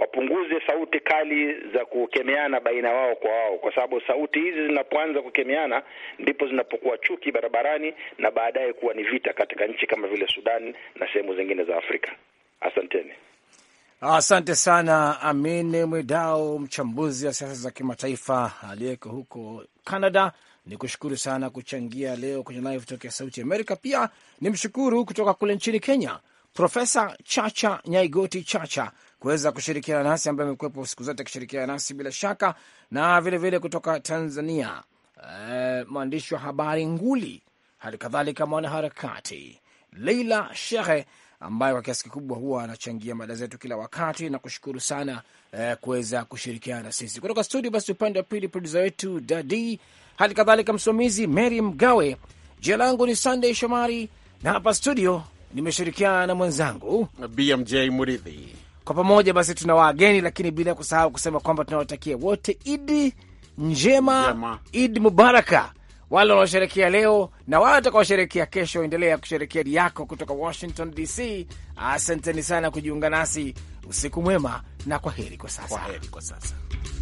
G: wapunguze sauti kali za kukemeana baina wao kwa wao, kwa sababu sauti hizi zinapoanza kukemeana ndipo zinapokuwa chuki barabarani na baadaye kuwa ni vita katika nchi kama vile Sudan na sehemu zingine za Afrika.
D: Asanteni.
A: Asante sana Amin Mwidao, mchambuzi wa siasa za kimataifa aliyeko huko Canada. Ni kushukuru sana kuchangia leo kwenye live kutoka Sauti Amerika. Pia ni mshukuru kutoka kule nchini Kenya, Profesa Chacha Nyaigoti Chacha kuweza kushirikiana nasi, ambaye amekuwepo siku zote akishirikiana nasi bila shaka, na vilevile vile kutoka Tanzania e, mwandishi wa habari nguli, hali kadhalika mwanaharakati Leila Shehe ambayo kwa kiasi kikubwa huwa anachangia mada zetu kila wakati, na kushukuru sana eh, kuweza kushirikiana na sisi kutoka studio. Basi upande wa pili produsa wetu Dadi, hali kadhalika msimamizi Mary Mgawe. Jina langu ni Sunday Shomari na hapa studio nimeshirikiana na mwenzangu
C: BMJ Muridhi.
A: Kwa pamoja basi tuna wageni, lakini bila kusahau kusema kwamba tunawatakia wote idi njema, id Idi mubaraka wale wanaosherekea leo na wale watakaosherekea kesho. Endelea kusherekea di yako kutoka Washington DC. Asanteni sana kujiunga nasi, usiku mwema na heri kwa sasa, heri
C: kwa sasa.